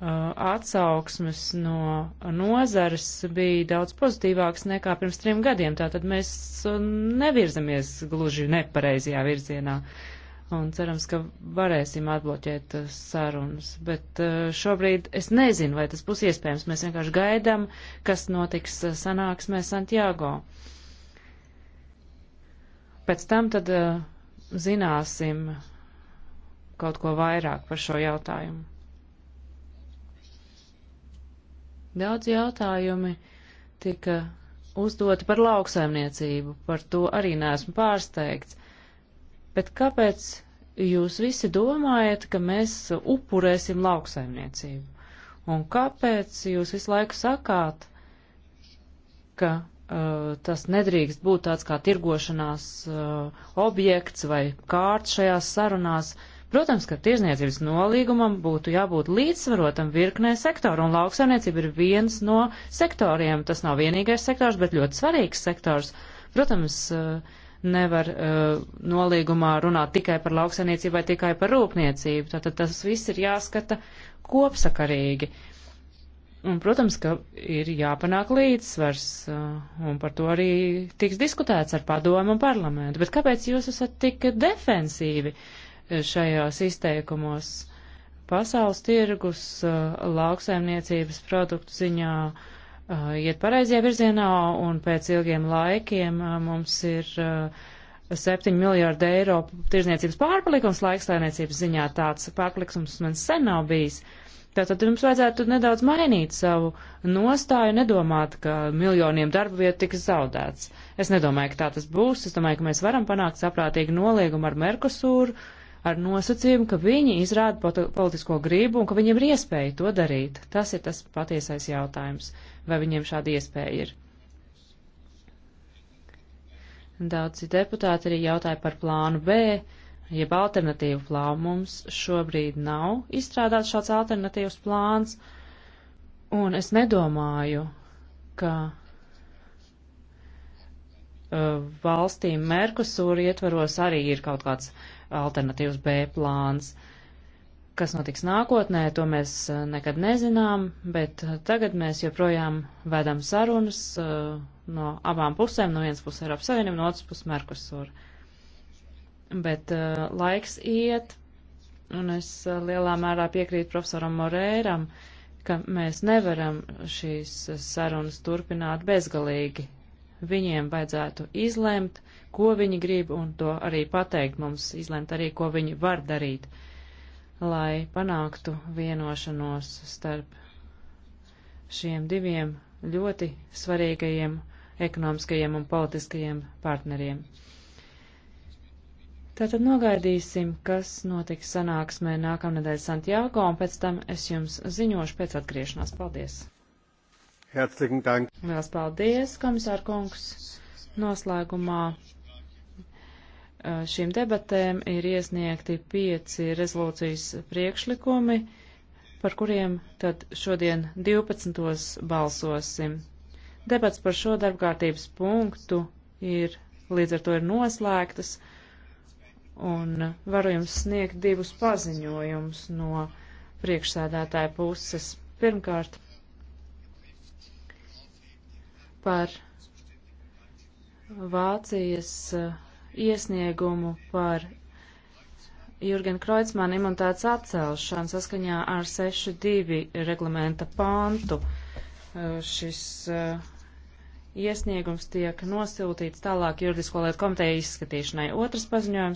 Uh, atsauksmes no nozares bija daudz pozitīvāks nekā pirms trim gadiem. Tātad mēs uh, nevirzamies gluži nepareizajā virzienā un cerams, ka varēsim atbloķēt uh, sarunas. Bet šobrīd es nezinu, vai tas būs iespējams. Mēs vienkārši gaidām, kas notiks sanāksmē Santiago. Pēc tam tad zināsim kaut ko vairāk par šo jautājumu. Daudz jautājumi tika uzdoti par lauksaimniecību, par to arī neesmu pārsteigts. Bet kāpēc jūs visi domājat, ka mēs upurēsim lauksaimniecību? Un kāpēc jūs visu laiku sakāt, ka uh, tas nedrīkst būt tāds kā tirgošanās uh, objekts vai kārts šajās sarunās? Uh, Protams, ka tirzniecības nolīgumam būtu jābūt līdzsvarotam virknē sektoru, un lauksaimniecība ir viens no sektoriem. Tas nav vienīgais sektors, bet ļoti svarīgs sektors. Protams, eh, nevar uh, nolīgumā runāt tikai par lauksaimniecību vai tikai par rūpniecību. Tātad tas viss ir jāskata kopsakarīgi. Un, protams, ka ir jāpanāk līdzsvars, uh, un par to arī tiks diskutēts ar padomu un parlamentu. Bet kāpēc jūs esat tik defensīvi? Uh, šajos izteikumos. Pasaules tirgus uh, lauksaimniecības produktu ziņā uh, iet pareizajā virzienā, un pēc ilgiem laikiem uh, mums ir 7 miljārdu eiro tirzniecības pārpalikums laiksaimniecības ziņā. Tāds pārpalikums mums sen nav bijis. Tātad jums vajadzētu nedaudz mainīt savu nostāju, nedomāt, ka miljoniem darba vietu tiks zaudēts. Es nedomāju, ka tā tas būs. Es domāju, ka mēs varam panākt saprātīgu noliegumu ar Merkusūru, uh, ar nosacījumu, ka viņi izrāda politisko gribu un ka viņiem ir iespēja to darīt. Tas ir tas patiesais jautājums, vai viņiem šāda iespēja ir. Daudzi deputāti arī jautāja par plānu B, jeb alternatīvu plānu. Mums šobrīd nav izstrādāts šāds alternatīvs plāns, un es nedomāju, ka uh, valstīm Merkusūra ietvaros arī ir kaut kāds uh, alternatīvs B plāns. Kas notiks nākotnē, to mēs eh, nekad nezinām, bet eh, tagad mēs joprojām vedam sarunas eh, no abām pusēm, no vienas puses Eiropas Savienību, no otras puses Merkusur. Bet laiks iet, un es lielā mērā piekrītu profesoram Morēram, ka mēs nevaram šīs sarunas turpināt bezgalīgi. Viņiem vajadzētu izlemt, ko viņi grib un to arī pateikt mums, izlemt arī, ko viņi var darīt, lai panāktu vienošanos starp šiem diviem ļoti svarīgajiem ekonomiskajiem un politiskajiem partneriem. Tātad nogaidīsim, kas notiks sanāksmē nākamnedēļ Santiago, un pēc tam es jums ziņošu pēc atgriešanās. Paldies! Herzlichen Dank! Lielas paldies, komisār kungs! Noslēgumā šīm debatēm ir iesniegti pieci rezolūcijas priekšlikumi, par kuriem tad šodien 12. balsosim. Debats par šo darbkārtības punktu ir līdz ar to ir noslēgtas, un varu jums sniegt divus paziņojumus no priekšsēdētāja puses. Pirmkārt, par Vācijas uh, iesniegumu par Jurgen Kreutzmann imunitātes atcelšanu saskaņā ar 6.2 reglamenta pāntu. Šis iesniegums tiek nosiltīts tālāk juridisko lietu komiteja izskatīšanai. Otrs paziņojums.